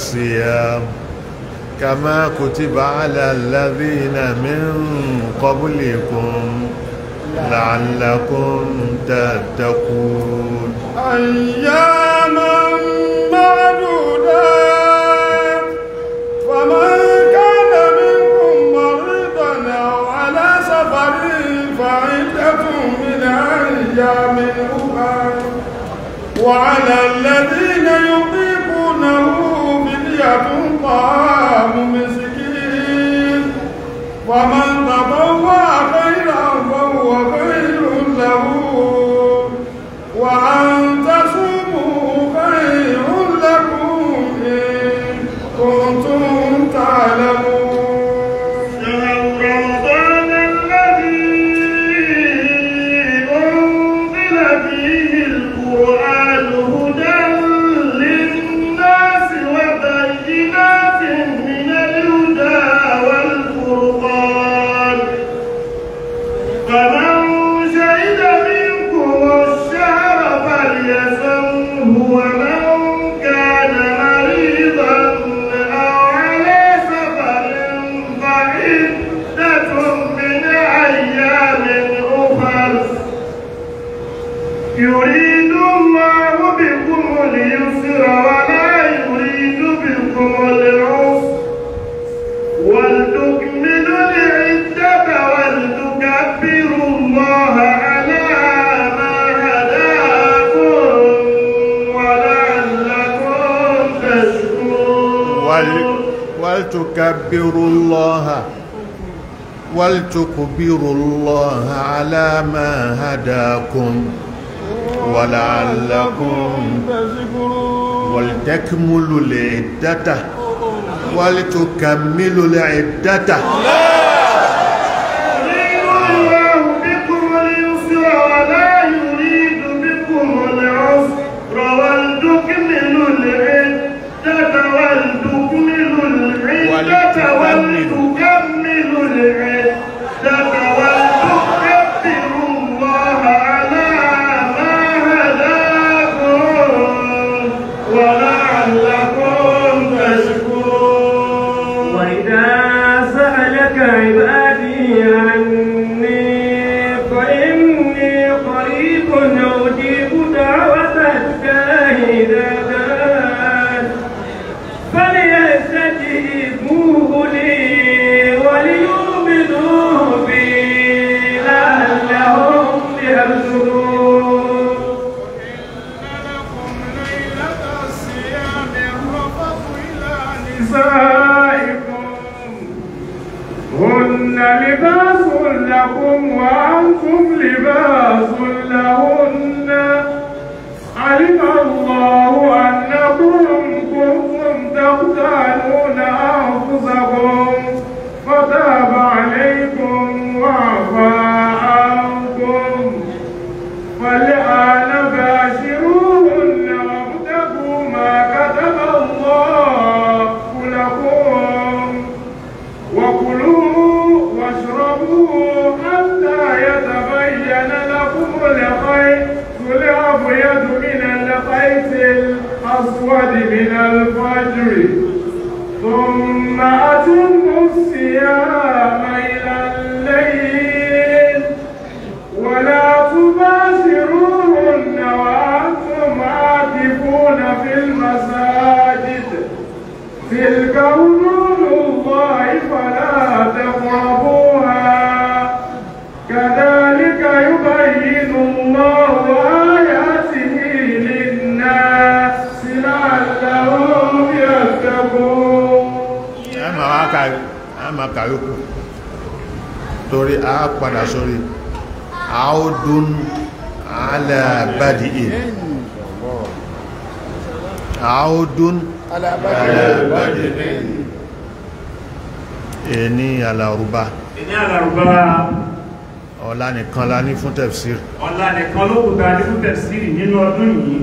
الصيام كما كتب على الذين من قبلكم لعلكم تتقون أياما معدودة فمن كان منكم مريضا أو على سفر فعدة من أيام أخرى وعلى الذين يطيقونه فدية طعام مسكين ومن تطوع خيرا فهو خير تكبر الله ولتكبر الله على ما هداكم ولعلكم تذكرون ولتكملوا العدة ولتكملوا العدة بدء عود على بدء ẹni alárúbá ẹni alárúbá ọ̀la nìkan la ní fún tẹ̀fsírì ọ̀la nìkan ló kùtà ní fún tẹ̀fsírì nínú ọdún yìí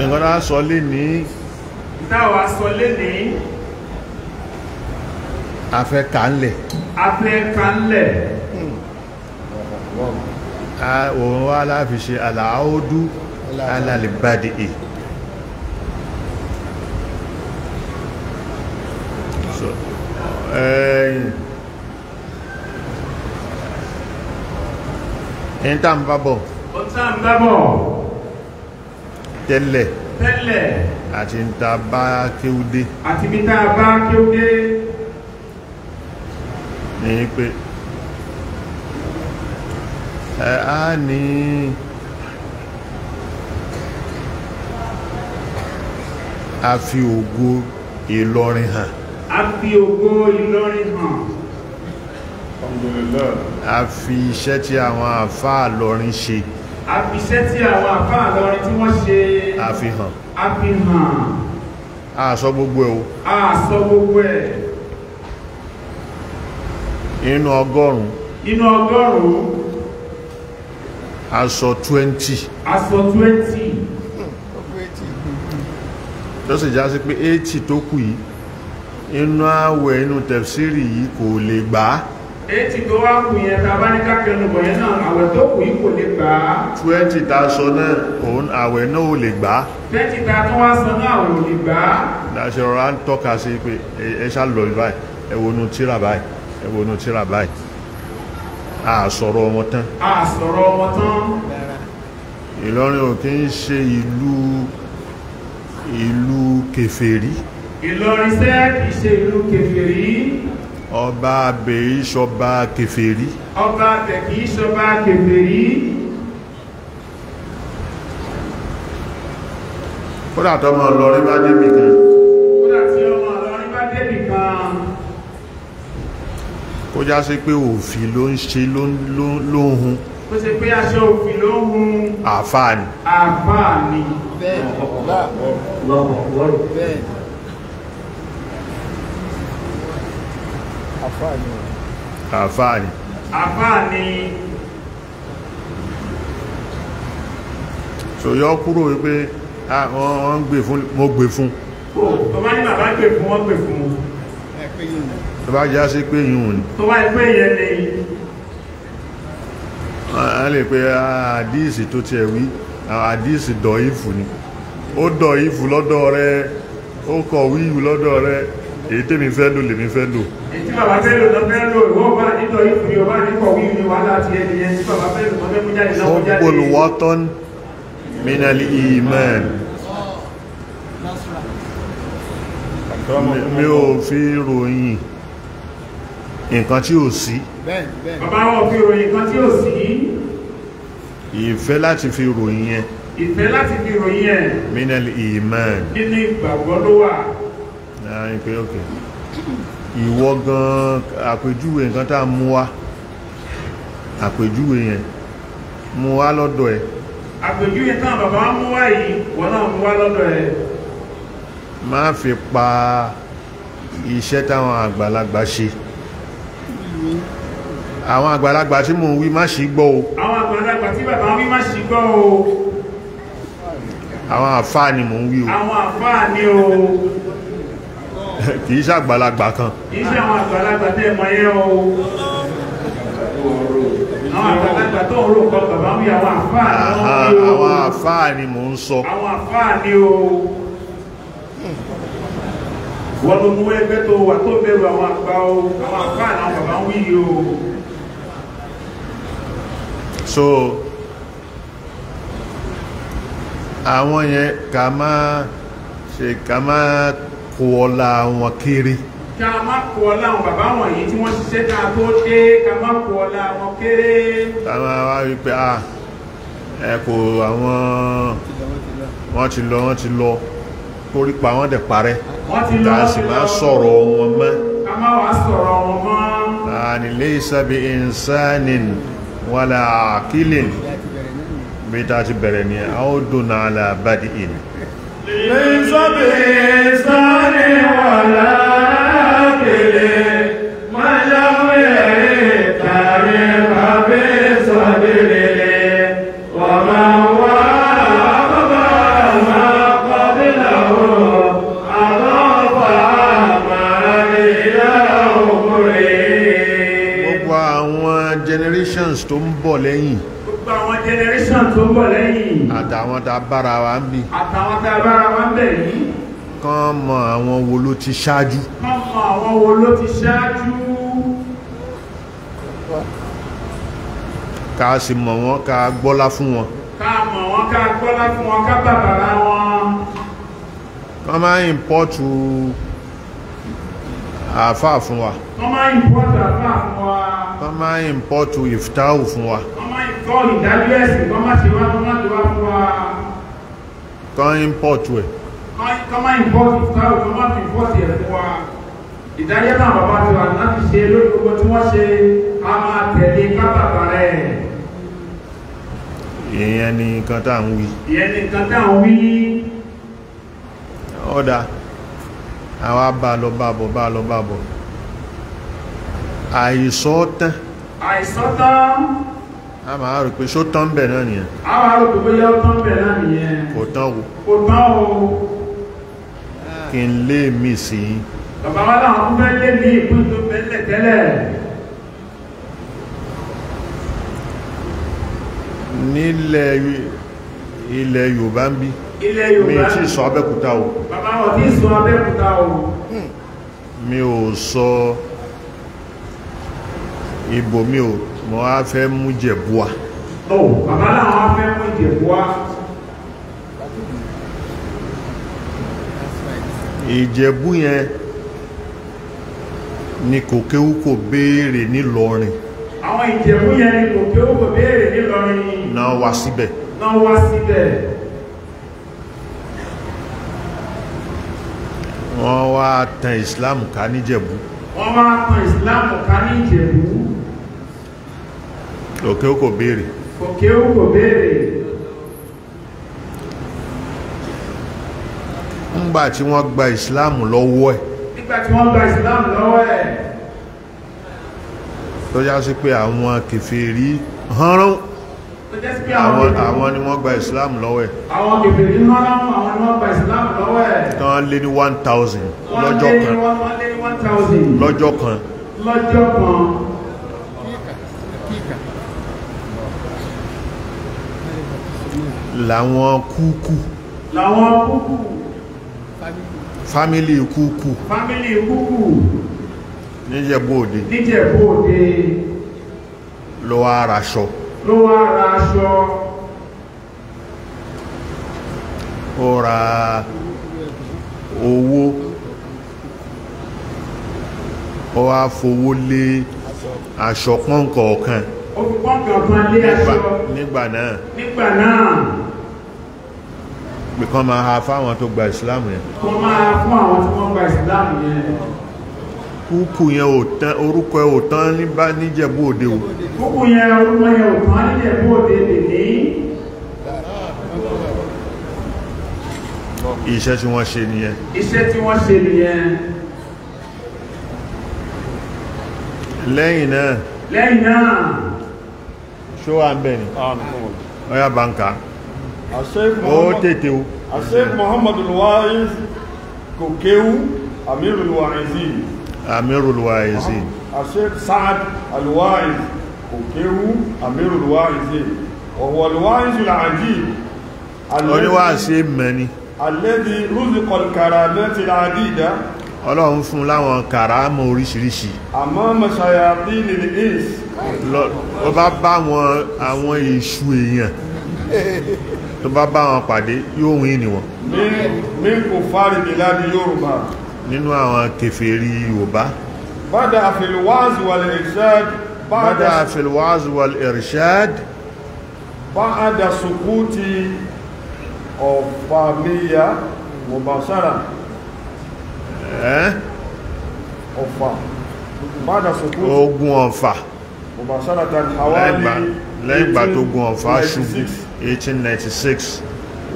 ìrànlá sọ lé ní ìtawà sọ lé ní afẹ́ kanlẹ̀ afẹ́ òun wá láfi ṣe àlàáódú alàlìbàdì ì ẹ̀yìn ìtàmbábọ̀ ìtàmbábọ̀ tẹ́lẹ̀ tẹ́lẹ̀ àti ìta bá kéúdé àti ìta bá kéúdé ní pé ẹ á ní a fi ògo Ìlọrin hàn a fi ògo Ìlọrin hàn a fi iṣẹ́ tí àwọn àfáà lọrin ṣe a fi iṣẹ́ tí àwọn àfáà lọrin tí wọ́n ṣe a fi hàn a fi hàn a sọ gbogbo ẹ̀ o a sọ gbogbo ẹ̀ inú ọgọ́rùn-ún inú ọgọ́rùn-ún aṣọ twenty. aṣọ twenty. tó sì já sí pé eighty tó kù yìí inú àwẹ̀ inú tẹ̀síìrì yìí kò lè gbà á. eighty tó wá kù yẹn tá a bá ní káàkiri ọ̀nà yẹn náà àwẹ̀ tó kù yìí kò lè gbà á. twenty tá a sọ náà òun àwẹ̀ náà ò lè gbà á. twenty tá a tún wá sọ náà àwẹ̀ ò lè gbà á. láṣẹ ọ̀rọ̀ à ń tọ́ka sí pé ẹ ṣá lọ báyìí ẹ wo inú tíra báyìí ẹ wo inú tíra báyìí àsọ̀rọ̀ wọn tán àsọ̀rọ̀ wọn tán Ìlọrin ò kí ń ṣe ìlú ìlú kèfèrí Ìlọrin sẹ́ kìí ṣe ìlú kèfèrí ọba abẹ̀ ìṣọba kèfèrí ọba abẹ̀ kìí ṣọba kèfèrí bá débi kan já sí pé òfì ló ń ṣe ló ń hun tó ṣe pé aṣọ òfì ló ń hun àfáà ni àfáà ni bẹ́ẹ̀ àfáà ni àfáà ni ṣòyọ́ kúrò wípé wọ́n ń gbè fún mo gbè fún ọmọ ní bàbá gbè fún wọ́n gbè fún ẹ̀pẹ́ yìí tó bá já sí pé yíò ní tó bá ìpé yẹn lè a lè pé àdíìsì tó ti ẹ̀wí àdíìsì dọ̀ífù ni ó dọ̀ífù lọ́dọ̀ rẹ ó kọ̀ wíwù lọ́dọ̀ rẹ èyí tèmi fẹ́ lò lèmi fẹ́ lò olùwọ́tọ́n minal iman mi ò fi ròyìn nǹkan tí ò sí. bàbá wọn fi ròyìn nǹkan tí ò sí. ìfẹ́ láti fi ròyìn yẹn. ìfẹ́ láti fi ròyìn yẹn. minel iman. nínú ìgbàgbọ́ ló wà. náà ìpè òkè ìwọ gan àpèjúwe nǹkan tá a mú wá àpèjúwe yẹn mú wá lọ́dọ̀ ẹ̀. àpèjúwe tán bàbá mú wá yìí wọn náà mú wá lọ́dọ̀ ẹ̀. má fi pa iṣẹ́ táwọn àgbàlagbà ṣe àwọn àgbàlagbà tí mò ń wí má ṣì gbọ́ o àwọn àgbàlagbà tí bàbá wí má ṣì gbọ́ o àwọn àfáà ni mò ń wí o àwọn àfáà ni o kì í ṣe àgbàlagbà kan kì í ṣe àwọn àgbàlagbà tẹ́ mọ̀ yẹ́ o àwọn àgbàlagbà tó rò kọ bàbá wí àwọn àfáà ni mò ń sọ àwọn àfáà ni o wọ́n mú ẹgbẹ́ tó wà tó bẹ̀rù àwọn àgbà o àwọn àgbà àwọn bàbá ń wí yìí so àwọn yẹn ká máa ṣe ká máa kó ọlá wọn kiri ká má kọ láwọn bàbá wọ̀nyí tí wọ́n ṣiṣẹ́ ká tó dé ká má kọ láwọn kéré. táwọn wá rí pé ah, ẹ kò àwọn wọ́n ti lọ wọ́n ti lọ torí pa wọ́n dẹ̀ parẹ́ tá a sì máa sọ̀rọ̀ wọn mọ́ láàrin laysa bi insanin wala aqilin bí tá a ti bẹ̀rẹ̀ ní awdun ala badi'in laysa bi insanin wala aqilin bọ̀ lẹ́yìn gbogbo àwọn generation tó bọ̀ lẹ́yìn àtàwọn tá a bára wa ń bì àtàwọn tá a bára wa ń bẹ̀ yìí kán mọ àwọn wo ló ti ṣáájú kán mọ àwọn wo ló ti ṣáájú ká sì mọ̀ wọ́n ká gbọ́lá fún wọn ká mọ̀ wọ́n ká gbọ́lá fún wọn ká bàbàrà wọn kán máa ń pọ́tù àáfàá fún wa kán máa ń pọ́tù àáfàá fún wa wọ́n máa ń ìmpọ́tù ìfìtáhù fún wa kan ìmpọ́tù ẹ̀ ìdájẹ́ náà bàbá ti wà láti ṣe lórí gbogbo tí wọ́n ṣe a máa tẹ̀lé kábàbà rẹ̀ ìyẹn ni nǹkan tá à ń wí ìyẹn ni nǹkan tá à ń wí ọ̀dà àwa bá lọ bá bọ̀ bá lọ bá bọ̀ àìsọ́tán àìsọ́tán a máa rò pé ṣó tán bẹ̀ náà nìyẹn a máa rò pé bóyá tán bẹ̀ náà nìyẹn kò tán o kò tán o kí n lé mi sí i bàbá wa láwọn tó fẹ́ lé mi ìpín tó bẹ́lẹ̀ tẹ́lẹ̀ nílẹ̀ ilẹ̀ Yorùbá ń bí mi ti sọ Abẹ́òkúta o bàbá wa ti sọ Abẹ́òkúta o hmm. mi ò sọ. So ibo mi o mo wá fẹ́ mú jẹ̀bú wa. ó bàbá náà wá fẹ́ mú jẹ̀bú wa. ìjẹ̀bú yẹn ni kò kéwú kò béèrè nílọrin. àwọn ìjẹ̀bú yẹn ni kò kéwú kò béèrè nílọrin. náà wá síbẹ̀. náà wá síbẹ̀. wọ́n wá tan Islam ká níjẹ̀bú wọ́n wá pín ìsìláàmù ká ní ìjẹ̀bú òkè ó kò béèrè òkè ó kò béèrè ńgbà tí wọ́n gba ìsìláàmù lọ́wọ́ ẹ̀ nígbà tí wọ́n gba ìsìláàmù lọ́wọ́ ẹ̀ tó já sí pé àwọn kèfèrí hánrán àwọn ni wọ́n gba islam lọ́wọ́ ẹ̀ àwọn kèfèrí hánrán àwọn ni wọ́n gba islam lọ́wọ́ ẹ̀ tán lé ní 1000 lọ́jọ́ kan one thousand. lọ́jọ́ kan. lọ́jọ́ kan. làwọn kúkú. làwọn kúkú. fámílì kúkú. fámílì kúkú. níjẹ̀bú òde. níjẹ̀bú òde. ló wá raṣọ. ló wá raṣọ. ó ra owó ó wá fowó lé aṣọ pọ́nkọ̀ọ̀kan nígbà náà nígbà náà bìkan máa ha fáwọn tó gba islam yẹn kọ́ máa fún àwọn tó gba islam yẹn kúkú yẹn ò tán orúkọ ẹ̀ ò tán níbà níjẹ̀bú òde o kúkú yẹn orúkọ yẹn ò tán níjẹ̀bú òde nìní iṣẹ́ tí wọ́n ṣe nìyẹn iṣẹ́ tí wọ́n ṣe nìyẹn lẹ́yìn náà lẹ́yìn náà ṣó wà ń bẹ̀ ni ọya ah, banka ó tètè o asif muhammadu al-wa'is kò kéwú amirul wa'izin amirul wa'izin asif sa'ad al-wa'is kò kéwú amirul wa'izin ọ̀wọ̀ al-wa'is al-ajib oníwàásí mẹ́ni alladhi rúzikọ̀l kàràmẹ́tì al-adida ọlọ́run fún láwọn kàrámù oríṣiríṣi àmọ́ mọ̀ṣàyà bí nílé ace lọ bá bá wọn àwọn èṣù èèyàn tó bá bá wọn pàdé yóò wín ní wọn mi kò fárí mi láti yorùbá nínú àwọn kèfèrí yorùbá bada àfilwáàzù wà lè ṣáàd bada àfilwáàzù wà lè ṣáàd bada sukuti ọ̀fàmíyà mubashara ọ̀fà bada sukú ogun ọ̀fà lẹ́gbà tó gun ọ̀fà ṣubú 1896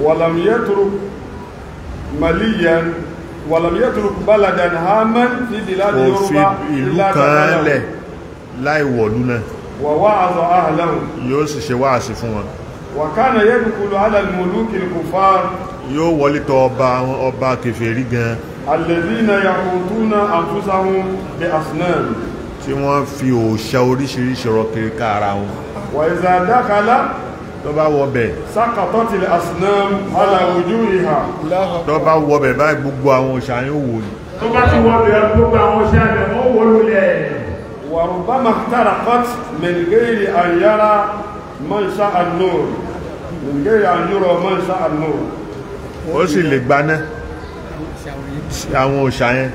walam yatruk maliyan walam yatruk baladan haman ní biladi Yorùbá ìlú kan lẹ̀ láìwọ̀lú náà wà wa'aza ahlahu yóò sì ṣe wáàsí fún wọn wàkánà yẹ́dùkúlù alàlùmọ̀lú kìlùkù fáà yóò wọlé tọ ọba kèfèrí gan-an alẹ́dínà yàkùntúnà àtúnsáhún bí asnam tí wọ́n fi òòṣà oríṣiríṣi rọ kiri ká ara wọn wà ìzàdákàlá tó bá wọbẹ̀ sákàtọ́tìlẹ̀ asnam aláwòjú ìhà tó bá wọbẹ̀ báyìí gbogbo àwọn òòṣà yóò wò ní ó sì lè gbaná àwọn òòṣà yẹn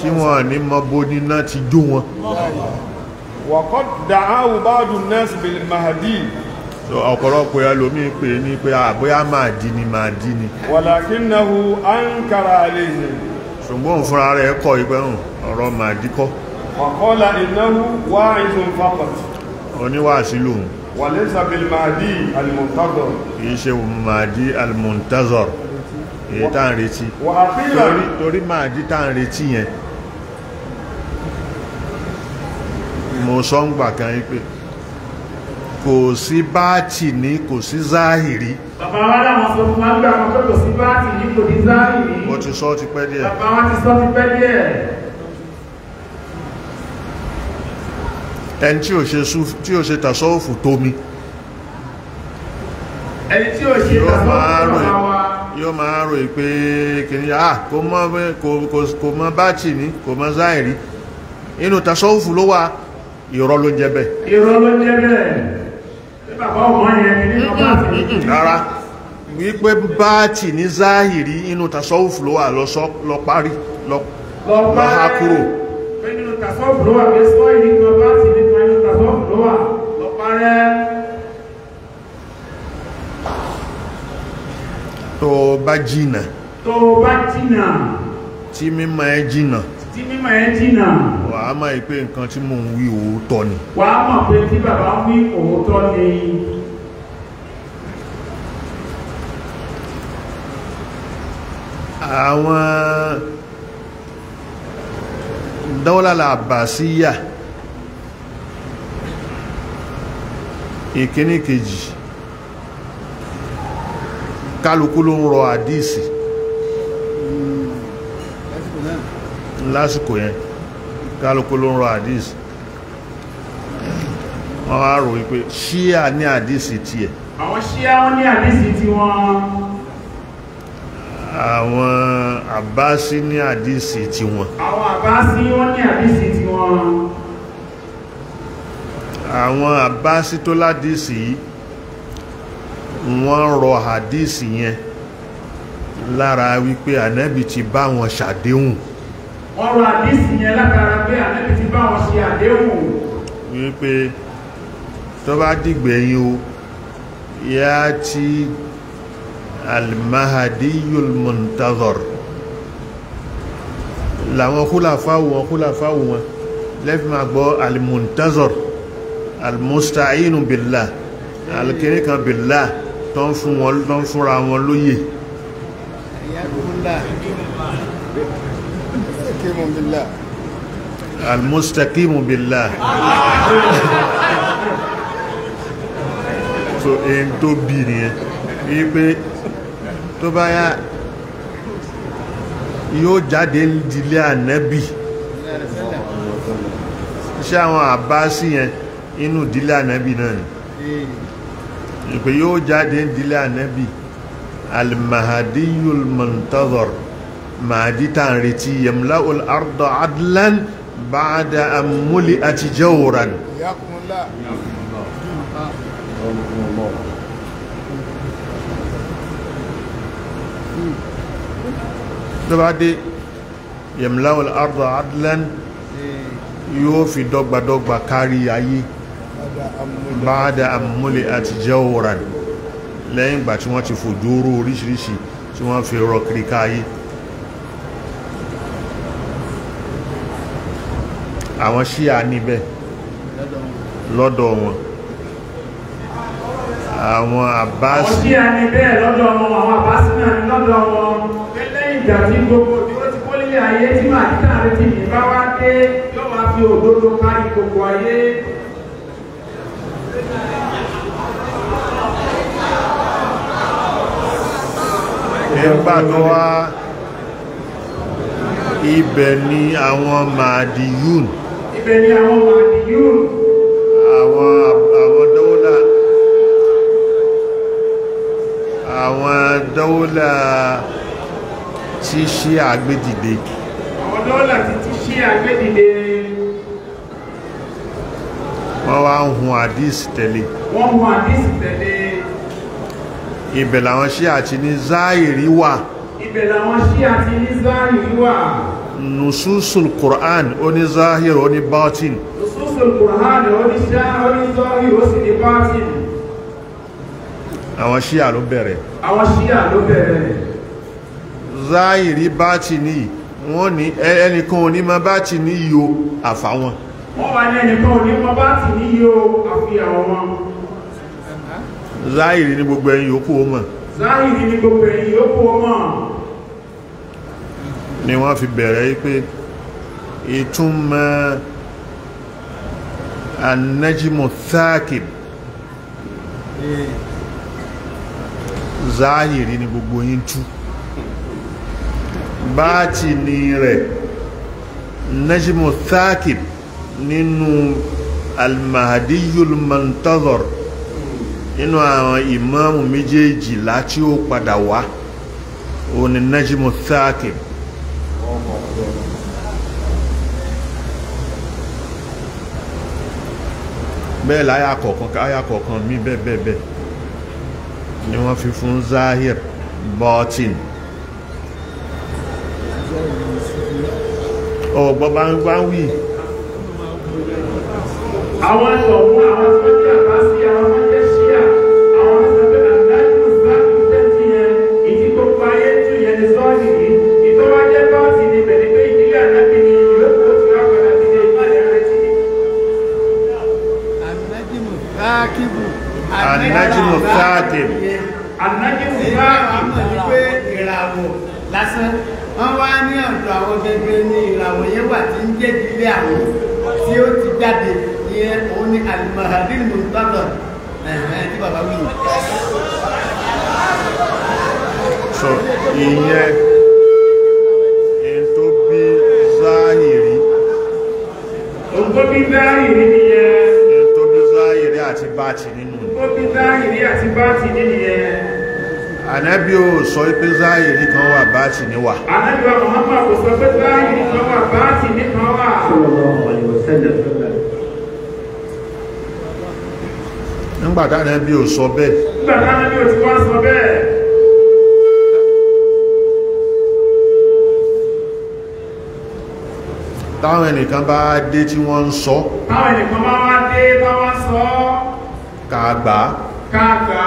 tí wọ́n ní mọ bóni náà ti jó wọn. wàkọ́ da áwù bá dùn nẹ́ẹ̀sì bìlì mahadi. ọ̀pọ̀lọpọ̀ ẹlòmí pè ní pé àbóyá máa di ni máa di ni. wàlàkínnahu ankara alayhi. ṣùgbọ́n fúnra rẹ̀ kọ̀ ìgbẹ́rùn hmm, ọ̀rọ̀ máa díkọ́. wàkọ́lá ìnáwó wá ìfún fapọ̀. oníwàásí lòun. wàlẹ́sàbìlì mahadi almuntazor. kì í ṣe mahadi almuntazor èyí tá à ń retí torí torí Mahdi tá à ń retí yẹn mo sọ ń gbà kan yín pé kò sí báàtì ní kò sí záhìrí bàbá wa dáwọn sọ fún wa gbà kan pé kò sí báàtì ní kò ní záhìrí ó ti sọ ti pẹ́ díẹ̀ bàbá wa ti sọ ti pẹ́ díẹ̀ ẹni tí ò ṣe tí ò ṣe tàṣọ́ọ̀fù tómi ẹni tí ò ṣe tàṣọ́ọ̀fù tómi yóò máa rò pé kìnìún ah kò mọ kò mọ báàtì ní kò mọ záìrí inú tasọ́wùfù ló wà ìrọ́ ló ń jẹ bẹ́ẹ̀. ìrọ́ ló ń jẹ bẹ́ẹ̀ ṣé bàbá ọmọ yẹn ní ọba àti. rárá wípé báàtì ní záìrí inú tasọ́wùfù ló wà lọ parí lọ ha kúrò. pé nínú tasọ́wùfù ló wà pé sọ́ọ̀lì kan báàtì ní tasọ́wùfù ló wà. bá jìnà tó bá jìnà tí mímọ̀ ẹ jìnà tí mímọ̀ ẹ jìnà wà á máa pé nǹkan tí mò ń wí òótọ́ ni wà á mọ̀ pé tí bàbá ń wí òótọ́ ni àwọn dọ́làlà àbàsíyà ìkíní kejì kálukú ló ń rọ àdíìsì lásìkò yẹn kálukú ló ń rọ àdíìsì wọ́n wá rò wípé ṣíà ní àdíìsì tiẹ̀ àwọn ṣíà wọ́n ní àdíìsì tí wọ́n àwọn àbáṣí ní àdíìsì tí wọ́n àwọn àbáṣí wọ́n ní àdíìsì tí wọ́n àwọn àbáṣí tó ládìísì yìí wọ́n rọ hadisi yẹn lára wípé ànábì ti bá wọn ṣàdéhùn wọ́n rọ hadisi yẹn látara pé ànábì ti bá wọn ṣe àdéhùn wípé tó bá dìgbẹ̀yìn o yá ti almahadiyul muntazor làwọn kúláfáwò wọn kúláfáwò wọn lẹ́fì máa gbọ́ almuntazor almustainu billah alkinikan billah tó ń fún wọn tó ń fúnra wọn lóyè almustakimu billah so èyí tó bì nìyẹn yí pé tó bá yá yóò jáde ìdílé ànábì iṣẹ́ àwọn àbá sí yẹn inú ìdílé ànábì náà ni ìpè yóò jáde ìdílé ànábì almahadiyul muntazor mahadi tá à ń retí yamla ul ardo adlan baada amuli àti jawran. lọ́wọ́dé yamla ul ardo adlan yóò fi dọ́gbadọ́gba kárí ayé báadà àmúlẹ̀ ati jẹ́ òran lẹ́yìn ìgbà tí wọ́n ti fòjòrò oríṣiríṣi tí wọ́n fi rọ kiri káyé àwọn ṣíà níbẹ̀ lọ́dọ̀ wọn àwọn àbáṣì ṣíà níbẹ̀ lọ́dọ̀ wọn àwọn àbáṣì náà lọ́dọ̀ wọn lẹ́yìn ìgbà tí gbogbo tí ó lé ayé tí màá tààrí ti ní bá wá dé yóò máa fi òdodo kárí gbogbo ayé ẹ̀pà tó wá ibẹ̀ ni àwọn màdìyún ibẹ̀ ni àwọn màdìyún àwọn àwọn dọ́wọ́lá àwọn dọ́wọ́lá tí ṣe àgbédìde wọ́n wá ń hun àdísì tẹ̀lé wọ́n hun àdísì tẹ̀lé ibẹ̀ làwọn ṣí àti ní záìrí wà ibẹ̀ làwọn ṣí àti ní nususul Qur'an ó ní záhìrì ó ní bátin Qur'an ó ní záhìrì ó sì ní bátin àwọn ṣí à ló bẹ̀rẹ̀ àwọn ṣí à ní wọ́n ní ẹnìkan ò ní ma bátin ní yóò àfáwọn wọ́n wà ní ẹnìkan ò ní ma bátin ní yóò àfihàn wọn záìrì ní gbogbo ẹ̀yin yòókù ó mọ̀ záìrì ní gbogbo ẹ̀yin yòókù ó mọ̀ ni wọ́n fi bẹ̀rẹ̀ pé ìtumọ̀ anájímù thakib záìrì ní gbogbo yín tú báàtì ní rẹ̀ nájímù thakib nínú almahadiyul mantazor nínú àwọn ìmáàmù méjèèjìlá tí ó padà wá òun ni najimu thaqib bẹ́ẹ̀ láyà kọ̀ọ̀kan káyà kọ̀ọ̀kan mí bẹ́ẹ̀ bẹ́ẹ̀ bẹ́ẹ̀ ni wọ́n fi fún zahir batin ọ̀gbọ́n bá ń wí. àwọn ẹ̀sọ̀ fún àwọn ẹ̀sọ̀ anájúmù sáàdì anájúmù sáàdì pé ìràwọ̀ lásán wọ́n wá ní ọ̀dọ̀ àwọn gẹ́gẹ́ ní ìràwọ̀ yẹn wà tí ń jẹ́ ìdílé àwọn tí ó ti jáde ìyẹn òun ni alimahadin mutadọ ẹ̀hẹ́n tí bàbá wí. sọ ìyẹn. bá ti ní nìyẹn ànábì ò sọ pé záyìrì kan wà bá ti ní wà ànábì wa Muhammad kò sọ pé záyìrì kan wà bá ti ní kan wà nígbà tí ànábì ò sọ bẹ́ẹ̀ nígbà tí ànábì ò ti wá sọ bẹ́ẹ̀ táwọn ẹnìkan bá dé tí wọ́n ń sọ táwọn ẹnìkan bá wá dé táwọn sọ kàgbà kàgbà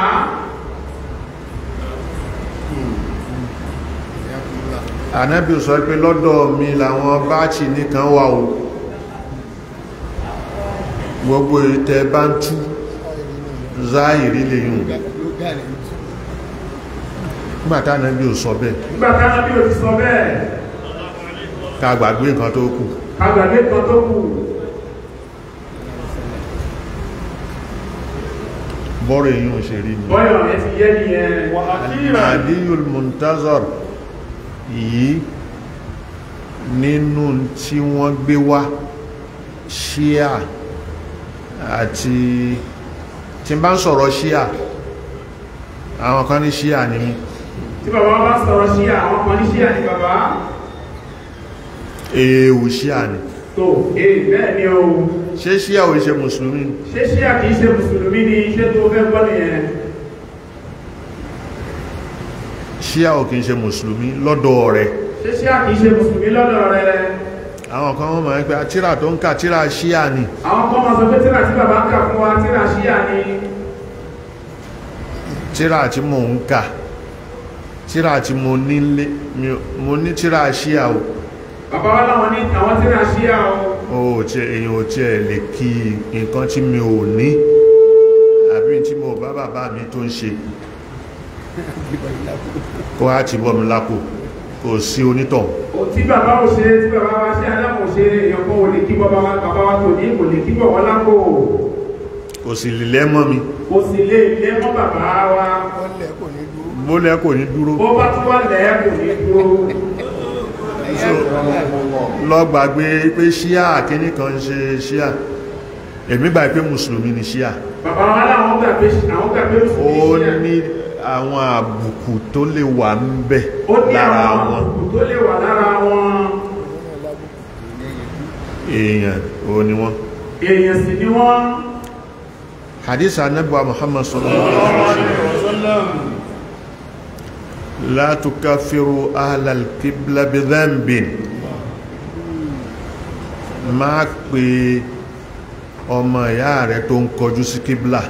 ànábì sọ pé lọ́dọ̀ mi làwọn báàtì nìkan wà o gbogbo ìtẹ bá ń tú záìrí lè yùn nígbàtá ànábì ò sọ bẹ́ẹ̀ nígbàtá ànábì ò sọ bẹ́ẹ̀ kàgbàgbé nǹkan tó kù kàgbàgbé nǹkan tó kù bọ́rọ̀ èyí ò ṣe rí ní bọ́rọ̀ ẹ̀ ti yẹ́ ni ẹ̀ wà á kí ìrà àdíyùl muntazar yìí nínú tí wọ́n gbé wá ṣíà àti tí bá ń sọ̀rọ̀ ṣíà àwọn kan ní ṣíà ni mí tí bàbá bá sọ̀rọ̀ ṣíà àwọn kan ní ṣíà ni bàbá èèwù ṣíà ni tó èè bẹ́ẹ̀ ni ohun ṣé ṣíà ò ṣe mùsùlùmí ṣé ṣíà kìí ṣe mùsùlùmí ni iṣẹ́ tó fẹ́ gbọ́ nìyẹn ṣíà ò kìí ṣe mùsùlùmí lọ́dọ̀ rẹ̀ ṣé ṣíà kìí ṣe mùsùlùmí lọ́dọ̀ rẹ̀ àwọn kan wọ́n máa ń pẹ́ àtírà tó ń kà tírà ṣíà ni àwọn kan máa sọ pé tírà tí bàbá ń kà fún wa tírà ṣíà ni tírà tí mò ń kà tírà tí mo nílé mo ní tírà ṣíà o bàbá wa láwọn ní àwọn tírà ṣíà o èèyàn ò tiẹ̀ lè kí nǹkan tí mi ò ní àbí tí mo bá bàbá mi tó ń ṣe kó á ti bọ́ mi lápò kò sí onítọ̀. kò tí bàbá o ṣe tí bàbá wa ṣe aláàmọ̀ ṣe èèyàn kan ò lè kí bàbá wa bàbá wa tó ní kò lè kí bàbá lápò. kò sì lè lẹ́mọ́ mi. kò sì lè lẹ́mọ́ bàbá wa. bó lẹ́ kò ní dúró. bó bá tún wà lẹ́ kò ní dúró lọ gbàgbé pé ṣíà kíní kan ṣe ṣíà èmi gbà pé mùsùlùmí ni ṣíà bàbá wọn aláwọn gbà pé àwọn gbà pé mùsùlùmí ni ṣíà ó ní àwọn àbùkù tó lè wà ń bẹ lára wọn àbùkù tó lè wà lára wọn èèyàn ò ní wọn èèyàn sì ni sallallahu alaihi wasallam لا تكفروا أهل القبلة بذنب má pe ọmọ ìyá rẹ tó ń kọjú sí kíbla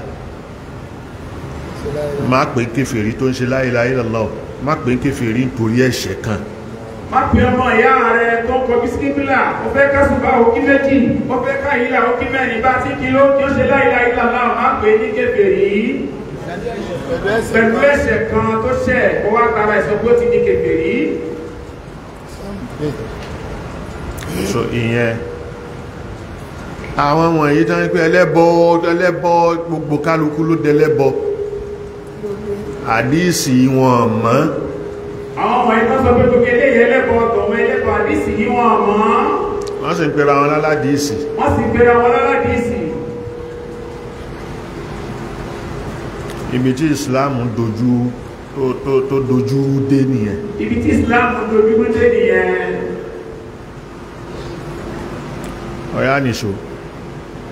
má pe kèfèrí tó ń ṣe la ilaha illallah má pe kèfèrí nítorí ẹ̀ṣẹ̀ kan. má pe ọmọ ìyá rẹ tó ń kọjú sí kíbla ó fẹ́ kásùbà òkí méjì ó fẹ́ káyìlá òkí mẹ́rin bá tí kí ló kí ó ṣe la ilaha illallah má pe ní kèfèrí pẹ̀lú ẹ̀ṣẹ̀ kan tó ṣẹ̀ ó wá tara ẹ̀sọ́ pé ó ti di kèfèrí. so ìyẹn àwọn wọ̀nyí tán pé ẹlẹ́bọ ẹlẹ́bọ gbogbo kálukú ló dẹlẹ́bọ àdíìsì wọn mọ́ àwọn wọ̀nyí tán sọ pé gbogbo eléyìí ẹlẹ́bọ tọ̀wọ́ ẹlẹ́bọ àdíìsì yìí wọn mọ́ wọ́n sì ń pera wọn láládìísì wọ́n sì ń pera wọn láládìísì ibi tí islam dojú tó dojú dé nìyẹn ibi tí islam dojú dé nìyẹn ọ̀yá nìṣó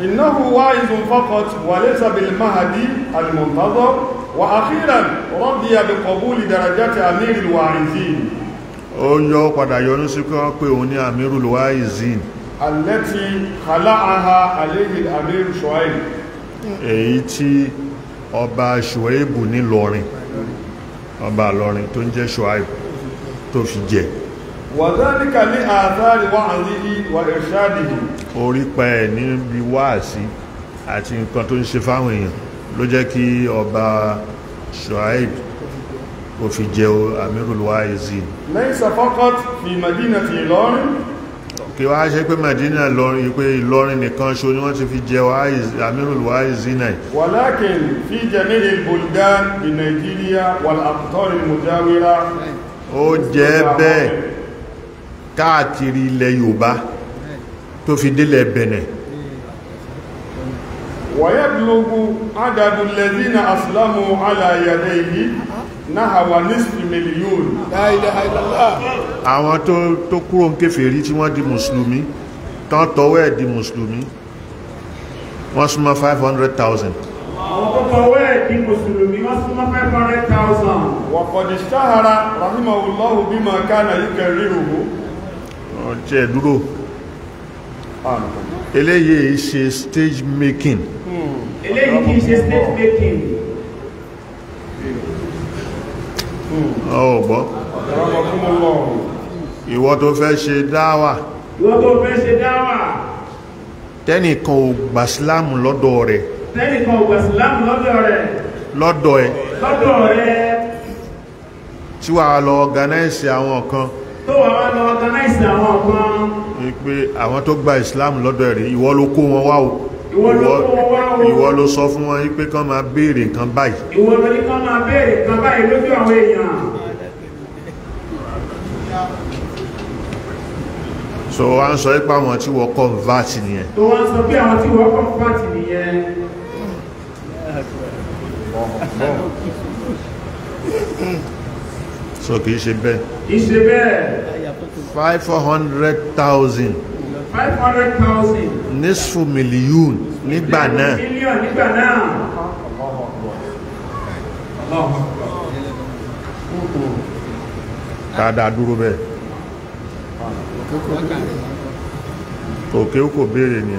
innahu wa'izun faqat wa laysa bil mahdi al-muntazar wa akhiran radiya bi qabuli darajati amiril wa'izin ó yọ padà yọnú sí kí wọ́n pè òun ní amirul wa'izin allati khala'aha alayhi al-amir Shu'aib èyí tí ọba ṣùwẹ́ẹ̀bù nílọrin ọba lọrin tó ń jẹ́ ṣùwẹ́ẹ̀bù tó fi jẹ wàdálíkà ní àtàrí wà àríhí wà ìrṣádìí orí pa ẹ̀ níbi wáàsí àti nǹkan tó ń ṣe fáwọn èèyàn ló jẹ́ kí ọba ṣùwẹ́ẹ̀bù ó fi jẹ amirul wáàsí lẹ́yìn sàfọ́kọ́t fi madina ti Ìlọrin kí wá ṣe pé Madina lọrin pé Ìlọrin nìkan ṣo ni wọ́n ti fi jẹ Amirul Waizina walakin fi jami'il buldan bi Nigeria wal aqtar al ó jẹ́ bẹ́ẹ̀ káàkiri ilẹ̀ Yorùbá tó fi délẹ̀ Benin wàyẹ̀bùlógún adàdùn lẹ́dínà aslamu ala yadayhi náhàwà nísìmìlìyàn la ilaha illallah àwọn tó kúrò ń kèfèrí tí wọ́n di mùsùlùmí tán tọwọ́ ẹ̀ di mùsùlùmí wọ́n súnmọ́ 500,000 àwọn tó tọwọ́ ẹ̀ di mùsùlùmí wọ́n súnmọ́ 500,000 wọ̀kọ̀dì sáhara rahimahullahu bima kana yukarriruhu ọjẹ́ dúró eléyìí ṣe stage making hmm. eléyìí kìí ṣe stage making ọ̀gbọ́ ìwọ tó fẹ́ ṣe dáwà ìwọ tó fẹ́ ṣe dáwà tẹ́nìkan ò gbà sílámù lọ́dọ̀ rẹ̀ tẹ́nìkan ò gbà sílámù lọ́dọ̀ rẹ̀ lọ́dọ̀ ẹ̀ lọ́dọ̀ ẹ̀ tí wàá lọ ọ̀gánáìsì àwọn kan tó wàá lọ ọ̀gánáìsì àwọn kan ìpè àwọn tó gba ìsìlámù lọ́dọ̀ rẹ̀ ìwọ ló kó wọn wá o ìwọ ló sọ fún wọn wípé kán máa béèrè nǹkan báyìí ìwọ ló ní kán máa béèrè nǹkan báyìí lójú àwọn èèyàn so wá ń sọ pé àwọn tí wọ́n convert nìyẹn tó wá sọ pé àwọn tí wọ́n convert nìyẹn so kìí ṣe bẹ́ẹ̀ kìí ṣe bẹ́ẹ̀ 500,000 five hundred nígbà náà. million kò béèrè ni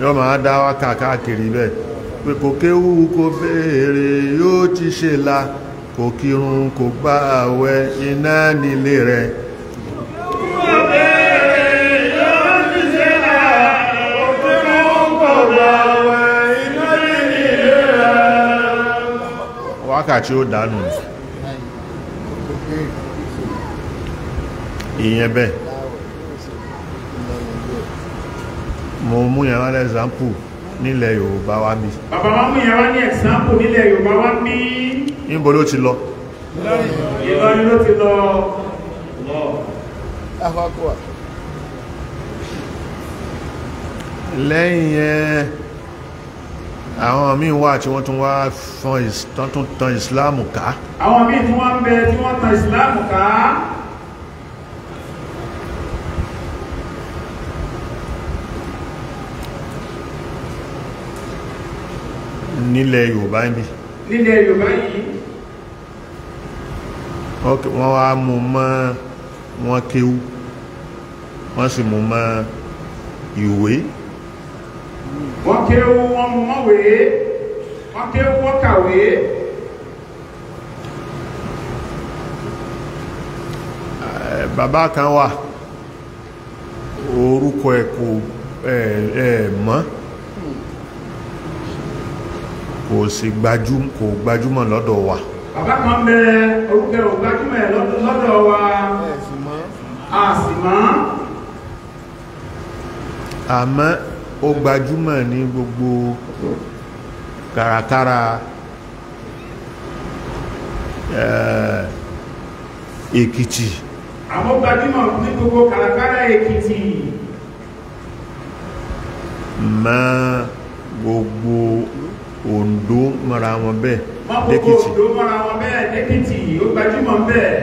yóò máa dá wákà káàkiri bẹ́ẹ̀ pé kò kò béèrè yóò ti ṣe la kò kírun kò gbà nílé rẹ. mọ́kà tí ó dánù ìyẹn bẹ́ẹ̀ mo mú yẹn wá ní ẹ̀sánpù nílẹ̀ Yorùbá wá bí bàbá máa mú yẹn wá ní ẹ̀sánpù nílẹ̀ Yorùbá wá bí níbo ló ti lọ Ìlọrin ló ti lọ lẹ́yìn yẹn àwọn míì wà tí wọ́n tún wá tún tan ìsìláàmù ká àwọn míì tí wọ́n ń bẹ tí wọ́n tan ìsìláàmù ká nílẹ̀ Yorùbá ibi nílẹ̀ Yorùbá yìí wọ́n wá mú mọ́ wọn kéwú wọ́n sì mú mọ́ ìwé wọ́n kéwú wọ́n mọ̀wé wọ́n kéwú wọ́n kàwé. Eh, bàbá kan wà orúkọ ẹ̀ kò eh, eh, mọ́ kò sì gbajúmọ̀ lọ́dọ̀ wa. bàbá kan bẹ orúkọ ẹ̀ kò gbajúmọ̀ lọ́dọ̀ wa a sì mọ̀. àmọ́ ó gbajúmọ̀ ní gbogbo kàràkàrà eh, èkìtì àwọn gbajúmọ̀ ní gbogbo kàràkàrà èkìtì mọ́ gbogbo Oǹdó mara wọn bẹ́ẹ̀ lẹ́kìtì Oǹdó mara wọn bẹ́ẹ̀ lẹ́kìtì ó gbajúmọ̀ bẹ́ẹ̀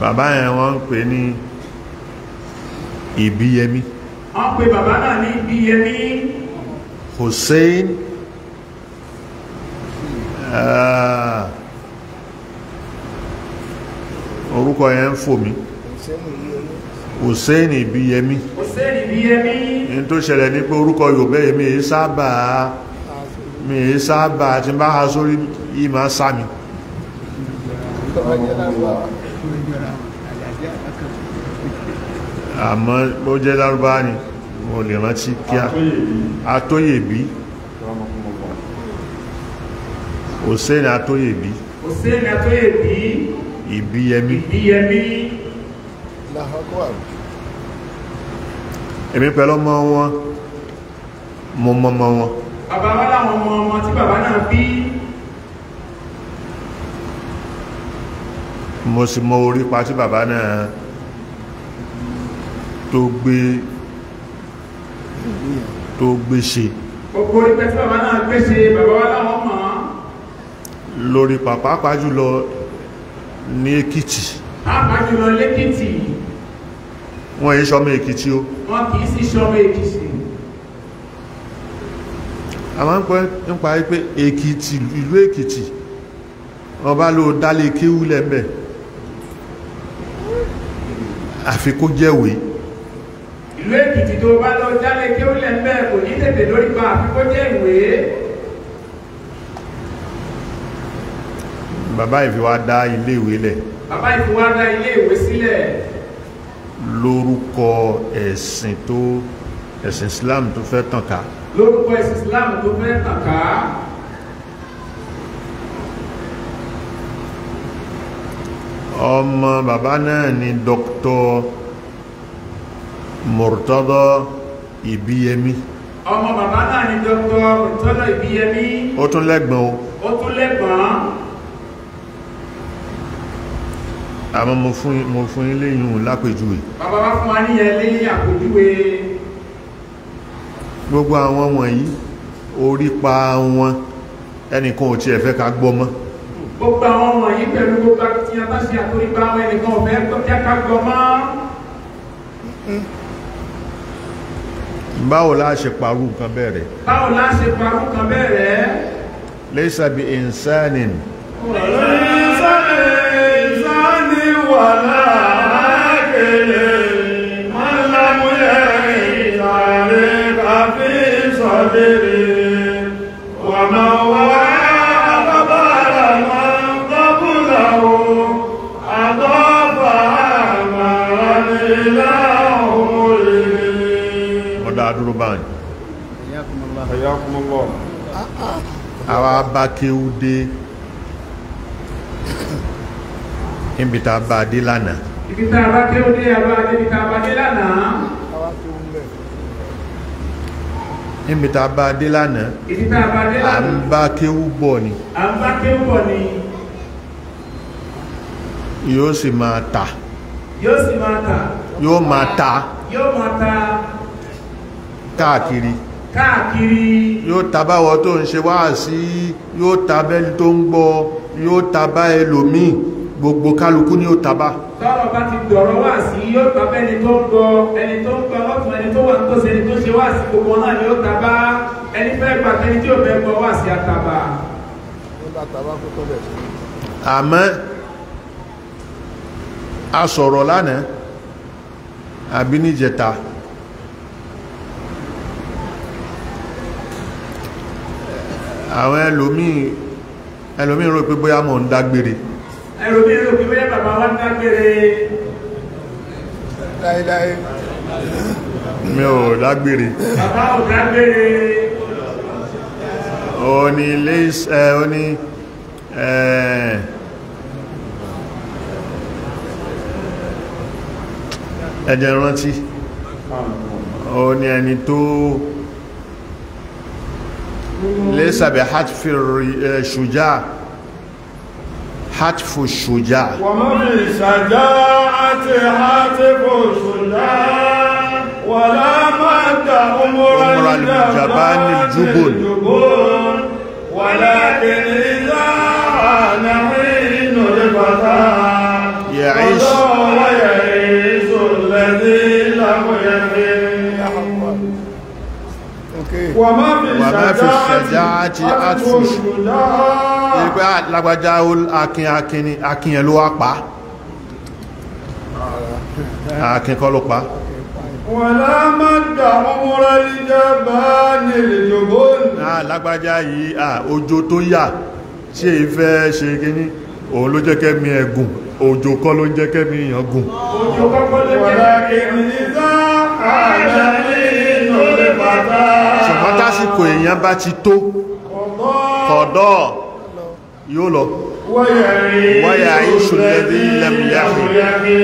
bàbá yẹn wọ́n ń pè ní ìbíyẹmí. wọ́n pe bàbá náà ní ìbíyẹmí. hussein ah. orúkọ yẹn ń fò mí hussein ìbíyẹmí. hussein ìbíyẹmí. ní tó ṣẹlẹ̀ ní pé orúkọ yorùbá yẹn mi ì sábà mi ì sábà tí n bá ha sórí yìí máa sá mi. àmọ́ ó jẹ́ lárúbá ni mo lè rántí kí atóyèbí Hussein atóyèbí Hussein atóyèbí ìbíyẹmí ìbíyẹmí èmi pẹ̀lú ọmọ wọn mo mọmọ wọn bàbá wa láwọn ọmọ ọmọ tí bàbá náà bí mo sì mọ orí pa tí bàbá náà tó gbé tó gbé ṣe gbogbo ipẹ́ tí bàbá náà gbé ṣe bàbá wa láwọn mọ̀ ọ́n lórí pàpàpà jùlọ ní Èkìtì pàpàpà jùlọ lẹ́kìtì wọ́n yí ṣọmọ Èkìtì o wọ́n kì í sí ṣọmọ Èkìtì àwọn ń pẹ́ nípa pé Èkìtì ìlú Èkìtì wọ́n bá ló dálé kéwú lẹ́mẹ̀ àfikún jẹ́wèé ìlú èkìtì tó bá lọ jálẹ̀ kí ó lẹ̀ ń bẹ́ẹ̀ kò ní tètè lórí kan àfi kó jẹ́ ìwé. bàbá ìfi wá dá iléèwé lẹ̀. bàbá ìfi wá dá iléèwé sílẹ̀. lórúkọ ẹ̀sìn tó ẹ̀sìn Islam tó fẹ́ tàn ká. lórúkọ ẹ̀sìn Islam tó fẹ́ tàn ká. ọmọ bàbá náà ni dr Murtada Ìbíyẹmí ọmọ bàbá náà ni Dr. Murtada Ìbíyẹmí ó tún lẹ́gbọ̀n o ó tún lẹ́gbọ̀n àmọ́ mo fún mo fún ilé ìyún lápèjúwe bàbá bá fún wa ní ẹlé àpèjúwe gbogbo àwọn wọ̀nyí orí pa wọn ẹnìkan ò tiẹ̀ fẹ́ ká gbọ́ mọ́ gbogbo àwọn wọ̀nyí pẹ̀lú gbogbo akitiyan bá ṣe àtòrí pa àwọn ẹnìkan ò fẹ́ ká gbọ́ mọ́ báwo la ṣe parú nǹkan bẹ̀rẹ̀ báwo la ṣe parú nǹkan bẹ̀rẹ̀ laysa bi insanin wala akele man lam yari tare kafi sadiri wa mawa àwa bá kéwú dé níbi tá a bá dé lánàá. ibi tá a bá kéwú dé àbá níbi tá a bá dé lánàá. níbi tá a bá dé lánàá. ibi tá a bá dé lánàá. à ń bá ni. à ń bá kéwú bọ̀ ni. yóò sì máa ta. yóò sì máa ta. yóò máa ta. yóò máa ta. káàkiri káàkiri yóò tabáwọ tó ń ṣe wáàsí yóò tabẹ́ni tó ń gbọ́ yóò tabá ẹlòmíì gbogbo kálukú ni yóò tabá tọ́rọ̀ bá ti dọ̀rọ̀ wá sí yóò tọ́ bẹ́ni tó ń gbọ́ ẹni tó ń gbọ́ lọ́tún ẹni tó wà tó ṣe ẹni tó ṣe wá sí gbogbo náà ni ó tabá ẹni fẹ́ gbà tẹni tí ò fẹ́ gbọ́ wá sí àtàbà. àmọ́ a sọ̀rọ̀ lánàá àbí níjẹta. àwọn ẹlòmíì ẹlòmíì rò pé bóyá mò ń dágbére ẹlòmíì rò pé bóyá bàbá wa ń dágbére láíláí mi ò dágbére bàbá ò dágbére òní ilé ẹ òní ẹ ẹ̀jẹ̀ rántí òní ẹni tó laysa bi hatfi shuja hatfu shuja. wa ma fi shaja'ati hatfu shuja wala madda umra al-jabani al-jubun walakin idha nahinu al-fata يعيش wàmá fi ṣẹ̀dá àti àtúnṣù ìpé lágbàjá akin akin ni akin yẹn ló wá pa akin kọ́ ló pa wàlá má dà ọmọrẹ níjà bá nílè yòbó ní lágbàjá yìí Ojo tó yà tí èyí fẹ́ ṣe kíní òun ló jẹ́ kẹ́mi ẹ̀gùn òjò kọ́ ló jẹ́ kẹ́mi èèyàn gùn òjò kọ́kọ́ lè wà tásìkò èèyàn bá ti tó kọ̀dọ̀ yóò lọ wáyà ìṣòlẹ́dí lẹ́mìyàmì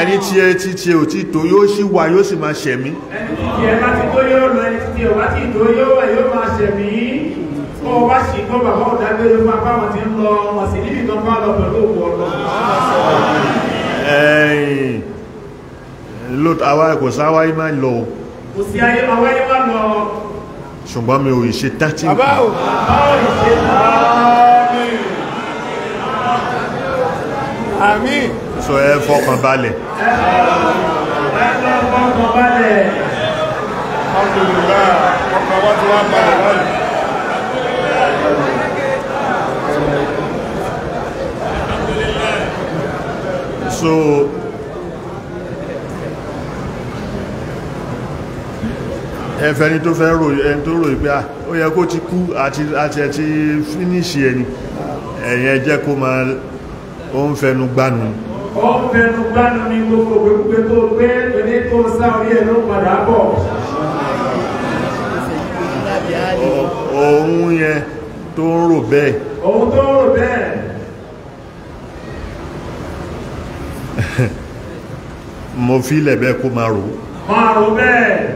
ẹni tí ẹ ti tí ò tí tó yóò sì wà yóò sì máa ṣẹ̀mí wá sí kọ́ bàbá ọ̀dágbére fún apáwọn tí ń lọ wọn sì níbi kan bá lọ pẹ̀lú òkú ọlọ́run. lóòótọ́ àwa kò sáwáyé máa lọ. kò sí ayé máa wáyé máa lọ ṣùgbọ́n mi ò ṣe tẹ́tí àmín so ẹ fọkàn so ẹfẹni tó fẹ́ rò ẹni tó rò pé ah, ó yẹ kó ti kú àti àti ẹ̀ ti fínísì ẹni ẹ̀yẹ jẹ́ kó máa ó ń fẹnu gbánu ni ó ń fẹnu gbánu ni gbogbo gbogbo tó gbé pẹ̀lú tó sá orí ẹ̀ ló padà bọ̀ òun yẹn tó ń rò bẹ́ẹ̀ òun tó ń rò bẹ́ẹ̀ mo fi ilẹ̀ bẹ́ẹ̀ kó máa rò máa rò bẹ́ẹ̀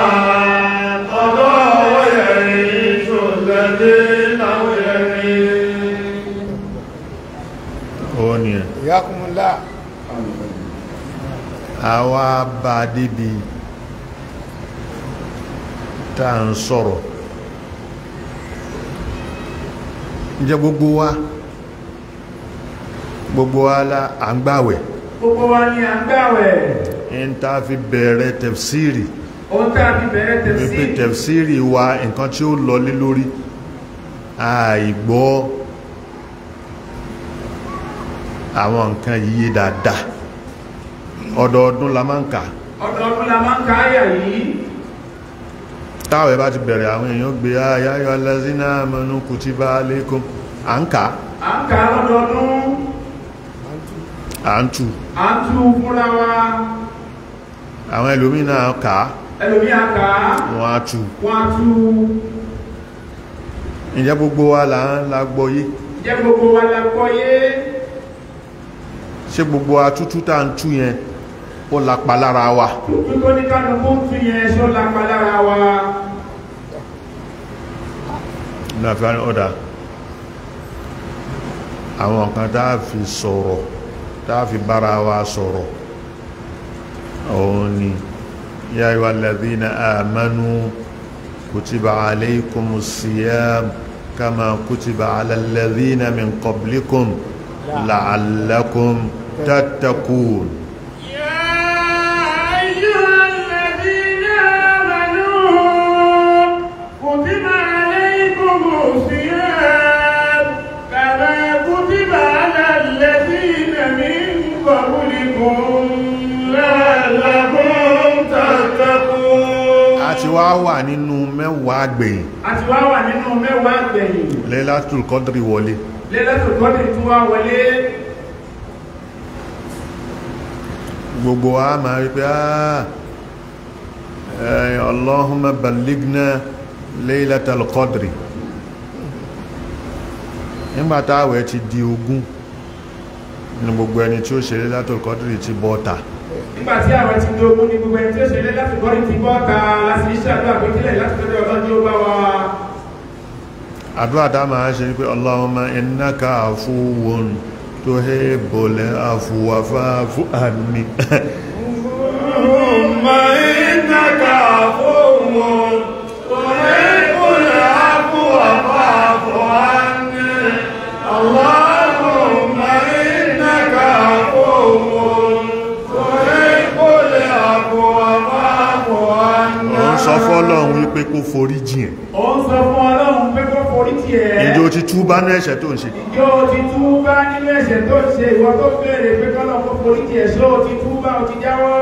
ńlá àwa bá débi tá à ń sọ̀rọ̀ ǹjẹ́ gbogbo wa gbogbo wa la à ń gbàwẹ̀ gbogbo wa ni à ń gbàwẹ̀ ń tá fi bẹ̀rẹ̀ tẹ̀fsíìrì ohun tá fi bẹ̀rẹ̀ tẹ̀fsíìrì wípé tẹ̀fsíìrì wa nǹkan tí ó lọ lé lórí àìgbọ́ àwọn nǹkan yìí dáadáa ọdọọdún la máa ń kà ọdọọdún la máa ń kà ayà yìí táwẹ̀ bá ti bẹ̀rẹ̀ àwọn èèyàn gbé ayáyọ alẹ́sínà mọ́nú kù bá à ń kà à ń kà ọdọọdún? à ń tù à ń tù fúnra wa àwọn ẹlòmínà kà kà wọ́n á tù wọ́n gbogbo wa là ń la gbọ́ yé gbogbo wa gbọ́ ṣe gbogbo atútú tá ń tú yẹn ó lapa lára wa tútú tó ní kálukú tú yẹn ṣó lapa lára wa láfíà ní ọ̀dà àwọn kan tá a fi sọ̀rọ̀ tá a fi bára wa sọ̀rọ̀ òun ni yá yọ alladhina amanu kutiba alaykumus siyam kama kutiba ala alladhina min qablikum la'allakum تتقون يا أيها الذين آمنوا كتب عليكم الصيام كما كتب على الذين من قبلكم لعلكم تتقون àti wá wà nínú mẹ́wàá gbẹ̀yìn àti wá wà nínú mẹ́wàá gbẹ̀yìn Lailatul Qadri wọlé Lailatul Qadri tún wá wọlé gbogbo a máa rí pé ah, eh, Allahumma balligna laylatal qadri nígbàtá àwẹ̀ ti di ogún ní gbogbo ẹni tí ó ṣe laylatal qadri ti bọ́ta nígbàtí àwẹ̀ ti di ogún ní gbogbo ẹni tí ó ṣe laylatal qadri ti bọ́ta láti iṣẹ́ àdúrà pé láti tọ́jú ọlọ́ ní ó bá wa àdúrà dá máa ṣe ní pé Allahumma innaka afuwun تحب العفو فاعف عني ثم إنك عفو تحب العفو فاعف عني اللهم إنك عفو تحب العفو فاعف عني. ó ń sọ fọ́lọ́run wípé kó forí jìn. ó ń sọ fọ́lọ́run ìjọ ti tú bá ní ẹ̀ṣẹ̀ tó ń ṣe ìjọ ti tú bá nínú ẹ̀ṣẹ̀ tó ń ṣe ìwọ tó bèèrè pé kọ́nà kó forí jì ẹ̀ṣẹ̀ ó ti tú bá ó ti jáwọ́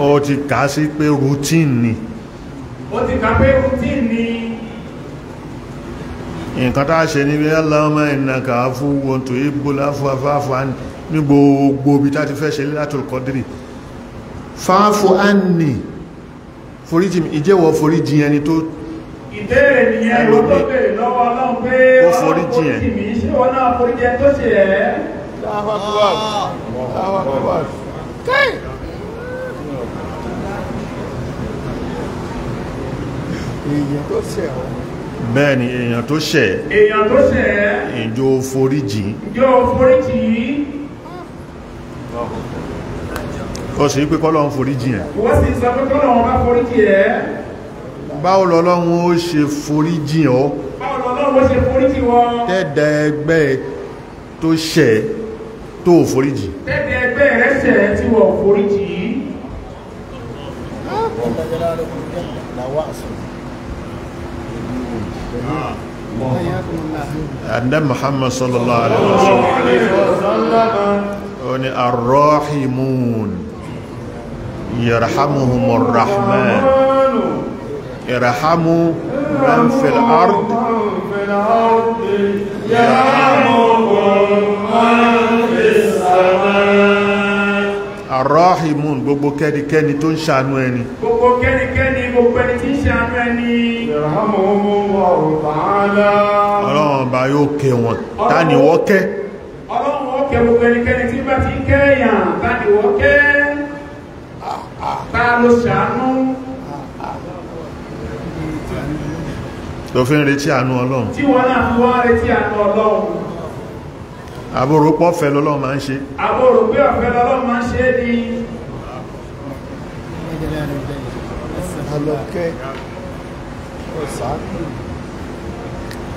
ó ti kà á sí pé routine ni ó ti kà pé routine ni nǹkan tá a ṣe ní bíi aláwọ̀mọ́ ìnàkà fún wọn tó ìgbòlá fún afáfá ní gbogbo ibi tá ti fẹ́ ṣe látòlùkọ́dìrì fáfọ́ á nì foríjì mi ìjẹ́wọ́ foríjì ẹni tó ìbéèrè nìyẹn ló tó bèèrè lọ́wọ́ ọlọ́run pé ọlọ́run foríjì mi ṣé wọn náà foríjì ẹni tó ṣe ẹ́ èèyàn tó ṣẹ̀ ọ́ bẹ́ẹ̀ni èèyàn tó ṣẹ̀ èèyàn tó ṣẹ̀ ìjọ foríjì ìjọ foríjì ó sì pé kọ́lọ́run foríjì ẹ̀ ó sì sọ pé kọ́lọ́run bá foríjì ẹ̀ báwo lọ́lọ́run ó ṣe foríjì ọ́ báwo lọ́lọ́run ó ṣe foríjì wọn tẹ́ẹ̀dá ẹgbẹ́ tó ṣẹ̀ tó foríjì tẹ́ẹ̀dá ẹgbẹ́ rẹ̀ ṣẹ̀ tí wọ́n foríjì Àdá Muhammad sallallahu alaihi wasallam. Ó ní arrahimun. يرحمهم الرحمن ارحموا من في الأرض يرحمكم من في السماء arrahimun gbogbo kẹ́nikẹ́ni tó ń ṣàánú ẹni gbogbo kẹ́nikẹ́ni gbogbo ẹni tí ń ṣàánú ẹni ọlọ́run ọba yóò kẹ́ wọn ta ni wọ́n kẹ́ ọlọ́run ó kẹ́ gbogbo ẹnikẹ́ni tí bá ti kẹ́ èèyàn ta ni wọ́n kẹ́ ta ló ṣàánú tó fi ń retí àánú ọlọ́run tí wọ́n náà fi wá retí àánú ọlọ́run àbúrò pọ́ lọ́lọ́run máa ń ṣe àbúrò ọ̀fẹ́ lọ́lọ́run máa ń ṣe ní alọ́kẹ́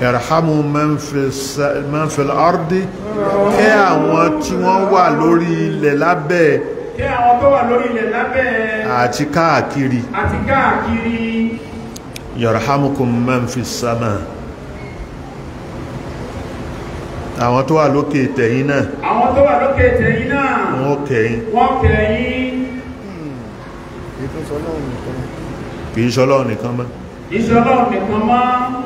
ẹ̀rọ̀hámù mẹ́fẹ̀ẹ́ kẹ́ àwọn tí wọ́n wà lórí ilẹ̀ lábẹ́ kí àwọn tó wà lórí ilẹ̀ lábẹ́ àti káàkiri àti káàkiri yarhamukum man fi sama àwọn tó wà lókè tẹ̀yìn náà àwọn tó wà lókè tẹ̀yìn náà wọ́n kẹ̀yìn wọ́n kẹ̀yìn kìí sọ́lọ́run nìkan mọ́ kìí sọ́lọ́run nìkan mọ́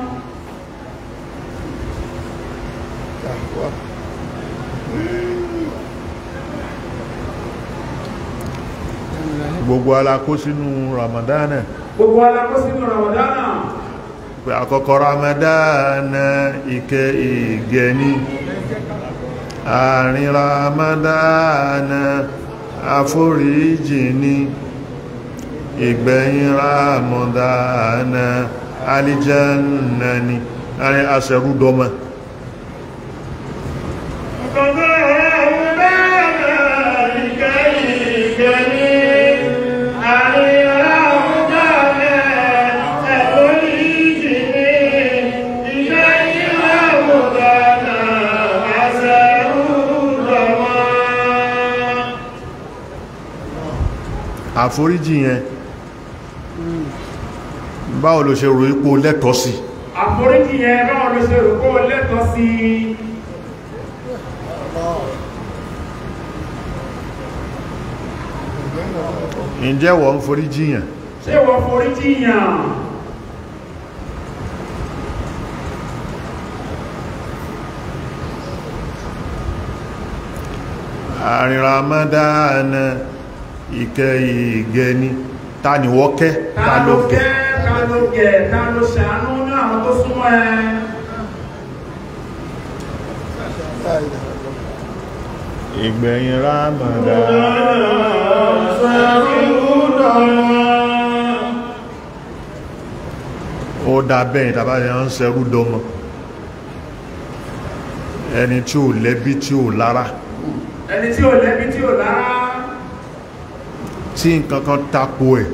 gbogbo alákó sínú ramadana gbogbo alákó sínú ramadana pé àkọ́kọ́ ramadana ike ìgẹni àárín ramadana àforíjì ni ìgbẹ̀yìn ramadana alijanna ni àárín aṣẹ́rúdọ́mọ́ àforíjì yẹn báwo ló ṣe rò ipò lẹ́tọ̀ọ́ sí àforíjì yẹn báwo ló ṣe rò ipò lẹ́tọ̀ọ́ sí ǹjẹ́ wọ́n foríjì yẹn ṣé wọ́n foríjì yẹn àrìnràmọ́dáná ìkẹ́ ìgẹ́ ni ta ni wọ́n kẹ́ ta ló gẹ̀ ta ló gẹ̀ ta ló ṣàánú ní àwọn tó súnmọ́ ẹ ìgbẹ̀yìn Ramadan ó dá bẹ́yìn tàbá ni wọ́n ń ṣẹrú dọmọ ẹni tí ò lẹ́bí tí ò lára ẹni tí ò lẹ́bí tí ò lára tí nǹkan kan tako ẹ̀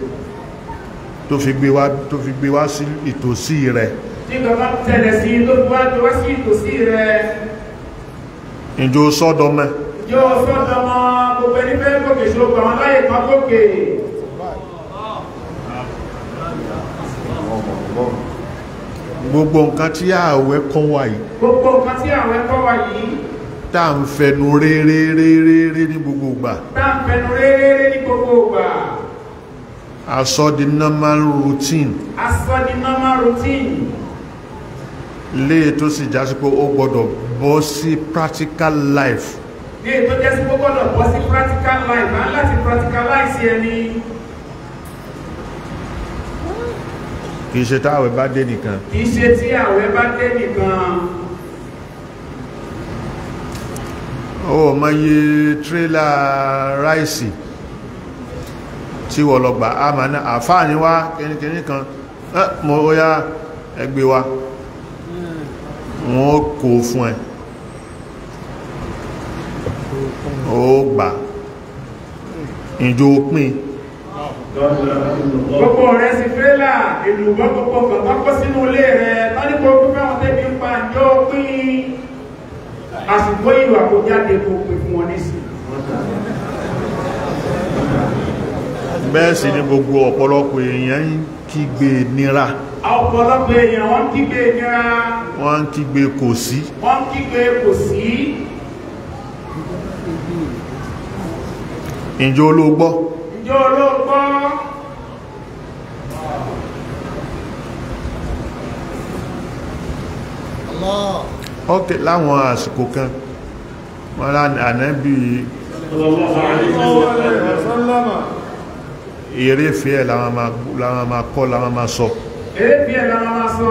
tó fi gbé wá tó fi gbé wá sí ìtòsí rẹ̀ tí nǹkan kan tẹ̀lẹ̀ sí tó fi wá tó wá sí ìtòsí rẹ̀ ìjọ sọ́dọ̀mẹ́ ìjọ sọ́dọ̀mọ́ gbogbo ẹni fẹ́ gòkè ṣogbo àwọn láyé kan gòkè gbogbo nǹkan tí ààwẹ̀ kọ́ wa gbogbo nǹkan tí ààwẹ̀ kọ́ wa tá à ń fẹnu réréréréré ní gbogbo ìgbà. tá à ń fẹnu réréréré ní gbogbo ìgbà. a di normal routine. a di normal routine. léè tó sì já sí pé ó gbọ́dọ̀ bọ́ sí practical life. léè tó já sí pé ó gbọ́dọ̀ bọ́ sí practical life máa ń láti practicalize ẹni. kì í ṣe tí àwẹ̀ bá dé nìkan. kì í ṣe tí àwẹ̀ bá dé nìkan. ó mọ́yé tírélà ráìsì tí wọ́n lọ gbà á máa ná àfáà ní wá kìnnìkìnnì kan mọ́ ó yá ẹgbẹ́ wa wọ́n kò fún ẹ ó gbà ìjọ òpin gbogbo rẹ̀ sí tírélà èlùbọ́ gbogbo kọ̀tọ́kọ́ sínú ilé rẹ̀ tọ́nípo pípẹ́ wọn tẹ́bí ń pa ìjọ òpin àsìkò ìlú àkójá bẹ́ẹ̀ sì ni gbogbo ọ̀pọ̀lọpọ̀ èèyàn ń kígbe nira ọ̀pọ̀lọpọ̀ èèyàn wọ́n kígbe nira wọ́n kígbe kò sí wọ́n kígbe kò sí ǹjẹ́ olóògbọ́ ǹjẹ́ olóògbọ́ ok láwọn àsìkò kan wọ́n lá ànábì sallallahu alaihi wasallam eré fẹ́ láwọn máa kọ́ láwọn máa sọ eré fẹ́ láwọn máa sọ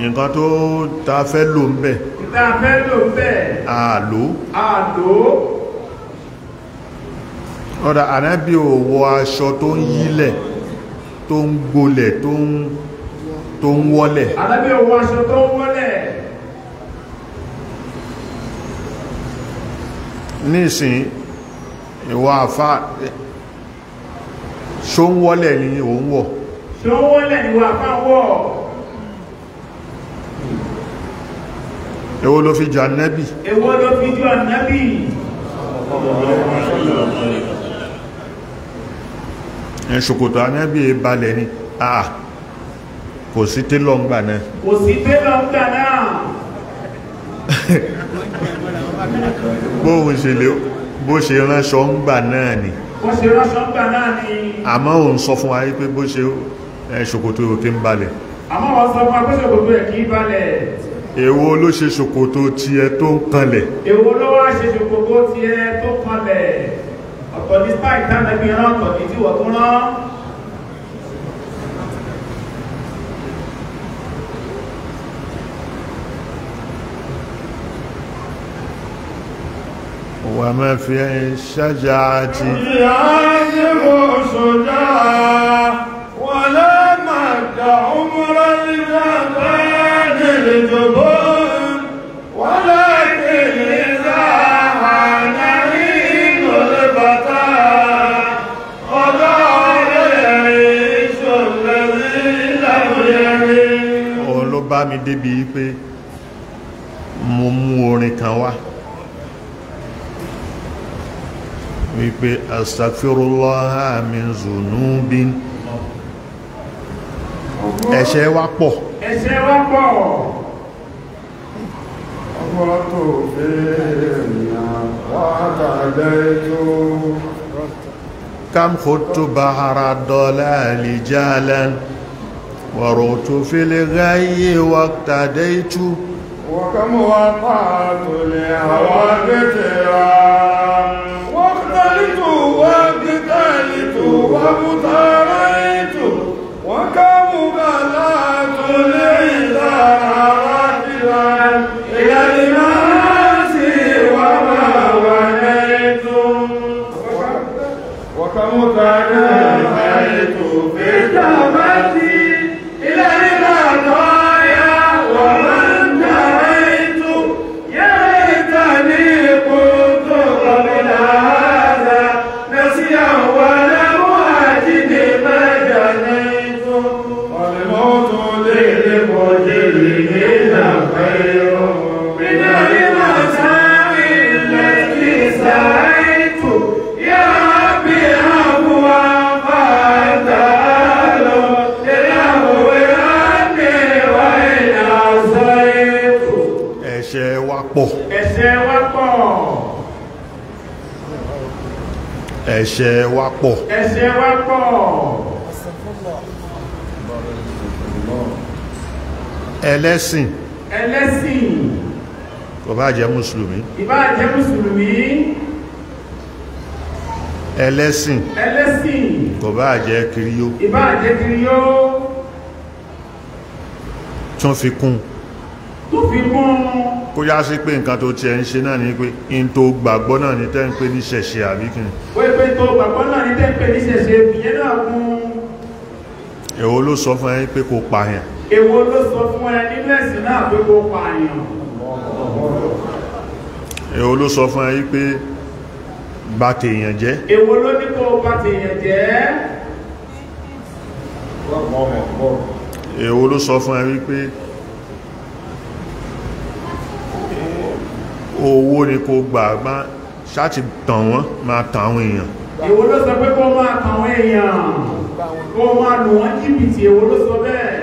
nǹkan tó ta fẹ́ lò ń bẹ̀ ta fẹ́ lò ń bẹ̀ àlò àlò ọ̀dà ànábì ò wọ aṣọ tó ń yílẹ̀ tó ń gbolẹ̀ tó ń wọ́lẹ̀ ànábì ò wọ aṣọ tó ń wọ́lẹ̀ nísìn ìwọ àfáà ṣó ń wọ́lẹ̀ ni òun wọ̀ ṣó ń wọ́lẹ̀ ni wà fà wọ̀ èwo ló fi jù ànábì èwo ló fi jù ànábì ṣòkòtò ànábì balẹ̀ ni àà ah, kò sí télọ̀ ń gbà náà kò sí télọ̀ ń gbà náà bóhun ṣe lè bó ṣe ránṣọ ń gbà náà ni wọ́n ṣe rọ́ṣọ́ gbà náà ni àmọ́ òun sọ fún wa pé bó ṣe ṣòkòtò òkè ń balẹ̀ àmọ́ wọ́n sọ fún wa pé ṣòkòtò ẹ̀ kì í balẹ̀ èwo ló ṣe ṣòkòtò tiẹ̀ tó ń kanlẹ̀ èwo ló wá ṣe ṣòkòtò tiẹ̀ tó kanlẹ̀ ọ̀tọ̀ ní stáì tánàbí rán ọ̀tọ̀ ní tí wọ́n tó rán وما في الشجاعة يعجب ولا مد عمر الجبال الجبن ولكن إذا حان عيد الفتى خضع العيش الذي لم يهن. olùbámi débi pé mo mú orin wípé astagfirullah min zunubin ẹ̀ṣẹ̀ wa pọ̀ ẹ̀ṣẹ̀ wa pọ̀ ọmọ tó bèèrè wà tàbẹ́ tó kam khutu bahara dalali jalan ورؤت في الغي واقتديت وكم وقعت لهواك تراب وابتليت وكم بلغت العذاب pọ̀. ẹ̀ṣẹ̀ wa pọ̀. ẹ̀ṣẹ̀ wa pọ̀. ẹ̀ṣẹ̀ wa pọ̀. ẹlẹ́sìn. ẹlẹ́sìn. kò bá jẹ́ mùsùlùmí. ìbá jẹ́ mùsùlùmí. ẹlẹ́sìn. ẹlẹ́sìn. kò bá jẹ́ kiriyó. ìbá jẹ́ kiriyó. tún fi kún. tún fi kún kó yá sí pé nǹkan tó tiẹ̀ ń ṣe náà ni pé n tó gbàgbọ́ náà ni tẹ́ ń pè ní ṣẹ̀ṣe àbí kí n. ó tó gbàgbọ́ náà ni tẹ́ ń pè ní ṣẹ̀ṣe ìyẹn náà kún. èwo ló sọ fún ẹ pé kó pààyàn. èwo ló sọ fún ẹ nínú ẹ̀sìn náà pé kó pààyàn. èwo ló sọ fún ẹ pé bà tèèyàn jẹ́. èwo ló ní kó bà tèèyàn jẹ́. èwo ló sọ fún ẹ wípé. owó ni kò gbà má ṣáàtì tàn wọ́n máa tàn àwọn èèyàn èwo ló sọ pé kó máa tàn àwọn èèyàn kó máa lù wọ́n jìbìtì èwo ló sọ bẹ́ẹ̀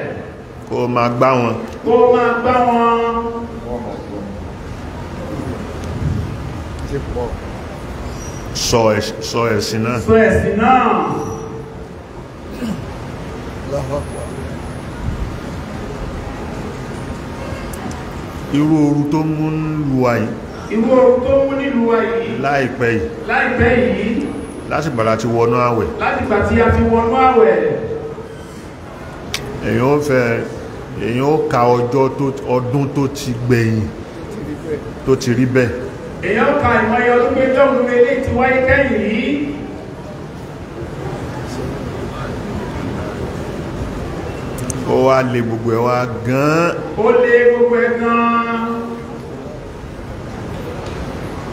kó máa gbá wọn kó máa gbá wọn sọ ẹ̀sìn náà sọ ẹ̀sìn náà irú ooru tó mú ń lu àyí ìwọ oòrùn tó mú nílùú wa yìí láìpẹ́ yìí láìpẹ́ yìí látìgbà láti wọnú àwẹ̀ látìgbà tí a ti wọnú àwẹ̀ èyàn ó fẹ́ èyàn ó ka ọjọ́ ọdún tó ti gbẹ̀yìn tó ti rí bẹ́ẹ̀ èyàn ó ka ìmọ̀ ẹyọ tó gbé jọ́ọ̀nù ilé ti wáyé kẹ́yìn yìí ó wá lé gbogbo ẹ̀ wá gan-an ó lé gbogbo ẹ̀ gan-an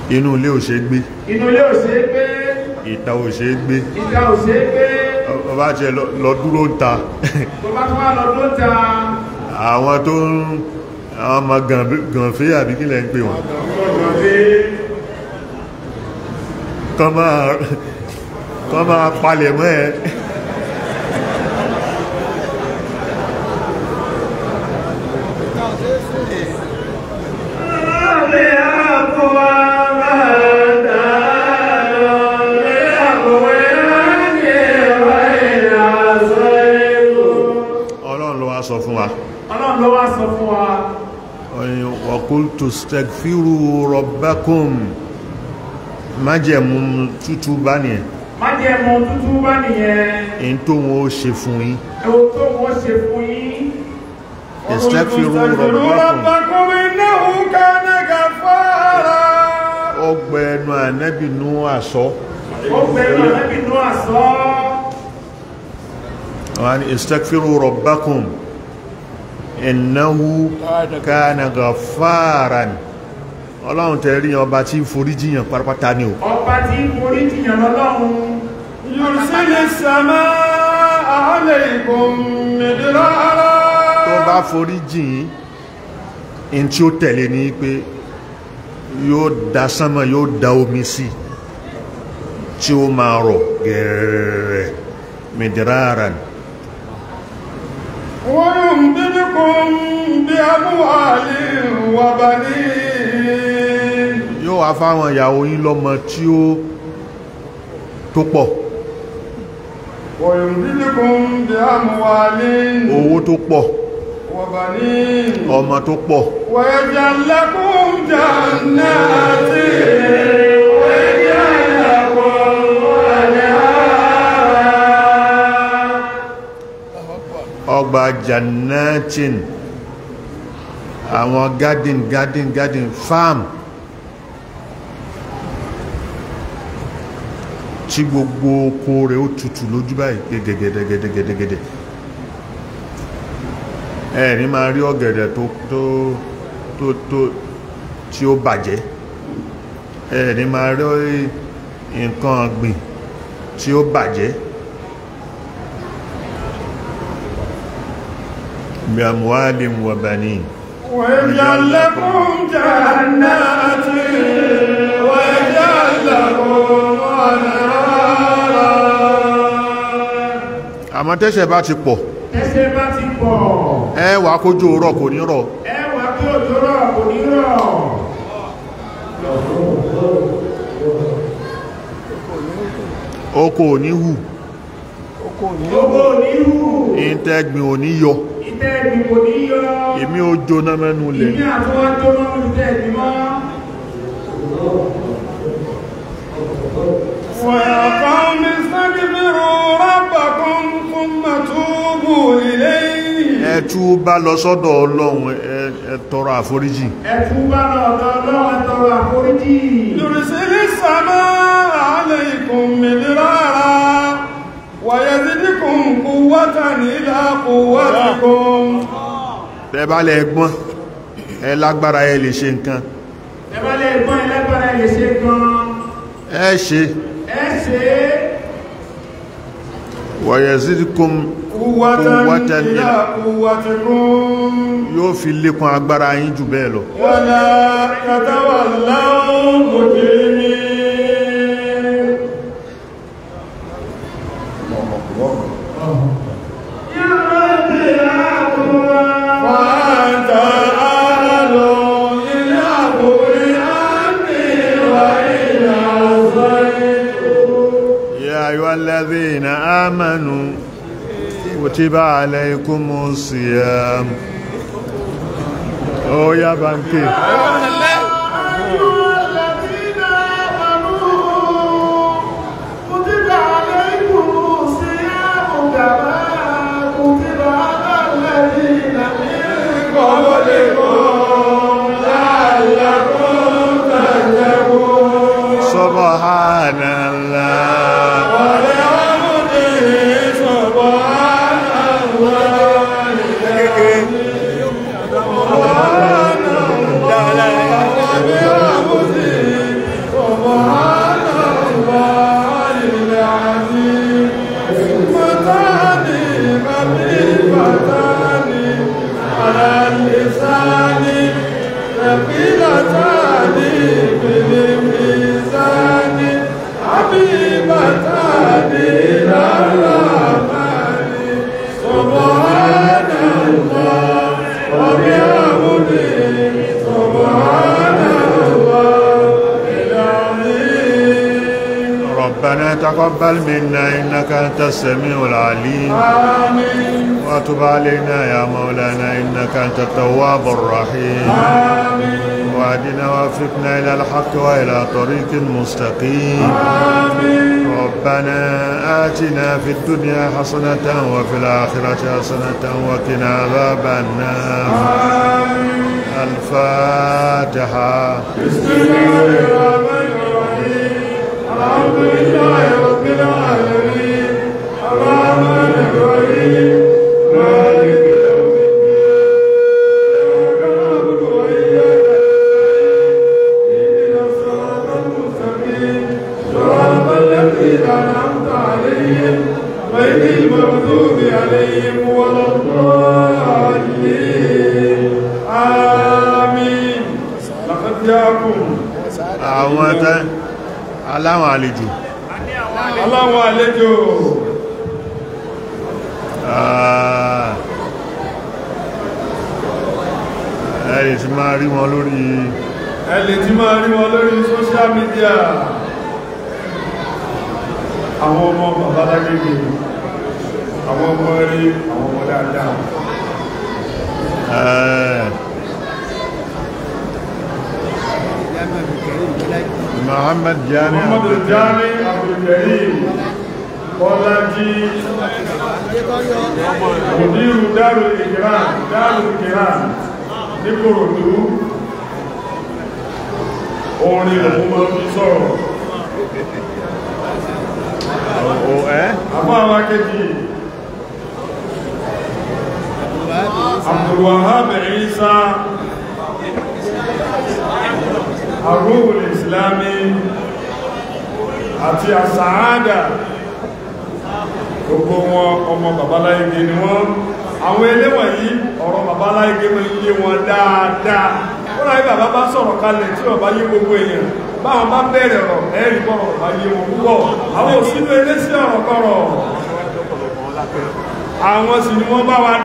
inú ilé ò ṣe gbé inú ilé ò ṣe gbé ìta ò ṣe gbé ìta ò ṣe gbé ọba jẹ lọ dúró ta ọba tó wà lọ dúró ta àwọn tó ń àwọn ọmọ gànfẹ́ àbí kí lẹ́ ń pè wọ́n kọ́ máa palẹ̀ mọ́ ẹ ló wá sọ fún wa. wa qultu istaghfiru rabbakum májẹ̀mú tútù bá nìyẹn. májẹ̀mú tútù bá nìyẹn. èyí tó wọn ṣe fún yín. èyí tó wọn ṣe fún yín. istaghfiru rabbakum innahu kana ghaffara. ọgbẹ ẹnu ànábì nù àsọ. ọgbẹ ẹnu ànábì nù àsọ. wọ́n innahu kana ghafaran ọlọ́run tẹ́ rí ọba tí foríjìyàn pátápátá ni o ọba tí foríjìyàn lọ́lọ́run yurusele sama aleikum midrara tó bá foríjìyàn in tí ó tẹ̀lé ní pé yóò da sánmà yóò da omi sí tí ó máa rọ̀ gẹ̀rẹ̀rẹ̀ midrara ni ويمددكم بأموال وبنين yóò wá fáwọn ìyàwó yín lọ́mọ tí ó tó pọ̀ ويمددكم بأموال owó tó pọ̀ وبنين ọmọ tó pọ̀ ويجعل لكم جنات ọgbà jannatin àwọn garden garden garden farm tí gbogbo oko rẹ̀ ó tutù lójú báyìí gẹ́gẹ́gẹ́gẹ́gẹ́gẹ́gẹ́ ẹ̀rí máa rí ọ̀gẹ̀dẹ̀ tó tó tó tó tí ó bàjẹ́ ẹ̀rí máa rí nǹkan ọ̀gbìn tí ó bàjẹ́ بأموال وبنين ويجعل لكم جنات ويجعل لكم àmọ́ tẹ́ṣẹ̀ bá ti pọ̀ tẹ́ṣẹ̀ bá ti pọ̀ ẹ wà kójú rọ̀ kò ní rọ̀ ẹ wà kójú rọ̀ kò ní rọ̀ oko ò ní hù oko ò ní hù ìntẹ́gbìn ò ní yọ ìtẹ́ mi kò ní yọ. èmi ò jóná mẹ́nu lẹ̀. èmi àti wọn jóná mẹ́nu tẹ̀ mí mọ́. wẹ̀ẹ̀kọ́ mi sẹ́ni mi rò rábà kan fún màtúbù ilé ẹ túbá lọ sọ́dọ̀ Ọlọ́run ẹ àforíjì. ẹ túbá lọ sọ́dọ̀ Ọlọ́run ẹ tọrọ àforíjì. lùrìsílì sàmà àlẹ́ ìkùnmí rárá wàyẹ̀dínkùn kú wátà nílá kú wátìkùn tẹ́bálẹ̀ ẹgbọ́n ẹ lágbára ẹ lè ṣe nǹkan tẹ́bálẹ̀ ẹgbọ́n ẹ lágbára ẹ lè ṣe nǹkan ẹ ṣe ẹ ṣe wàyẹ̀dínkùn kú wátà nílá kú wátìkùn yóò fi lékún agbára yín jù bẹ́ẹ̀ lọ wọ́n الذين آمنوا كتب عليكم الصيام أو يا بنتي سبحانه تقبل منا إنك أنت السميع العليم آمين وتب علينا يا مولانا إنك أنت التواب الرحيم آمين وأهدنا وفقنا إلى الحق وإلى طريق مستقيم آمين ربنا آتنا في الدنيا حسنة وفي الآخرة حسنة وقنا عذاب النار آمين الفاتحة بسم الله الرحمن الحمد لله رب العالمين الرحمن الرحيم مالك يوم الدين إياك نعبد وإياك نستعين اهدنا الصراط المستقيم صراط الذين أنعمت عليهم غير المغضوب عليهم ولا الضالين آمين لقد جاءكم دعوة aláwọn àlejò aláwọn àlejò ah. ẹ̀lẹ̀ tí máa rí wọn lórí ẹ̀lẹ̀ tí máa rí wọn lórí social media àwọn ọmọ babalágbègbè àwọn ọmọ eré àwọn ọmọ dáadáa eh. محمد جاني محمد الجامع عبد الكريم بولاجي مدير دار الإكرام دار الإكرام نيكورودو orin òun máa fi sọ̀rọ̀ أبا àwọn akéjì Abdulwahab Isa àrùn ìsìlámi àti àsàádà gbogbo wọn ọmọ babaláyege ni wọ́n àwọn eléwọ̀n yìí ọ̀rọ̀ babaláyege mọ́ iye wọn dáadáa ó láyé bàbá bá sọ̀rọ̀ kalẹ̀ tí ọba yé gbogbo èèyàn báwọn bá bẹ̀rẹ̀ rọ̀ ẹ̀rì bọ̀rọ̀ bá yé wọn púpọ̀ àwọn òsínú elésì ọ̀rọ̀ kọ̀rọ̀ àwọn sì ni wọ́n bá wa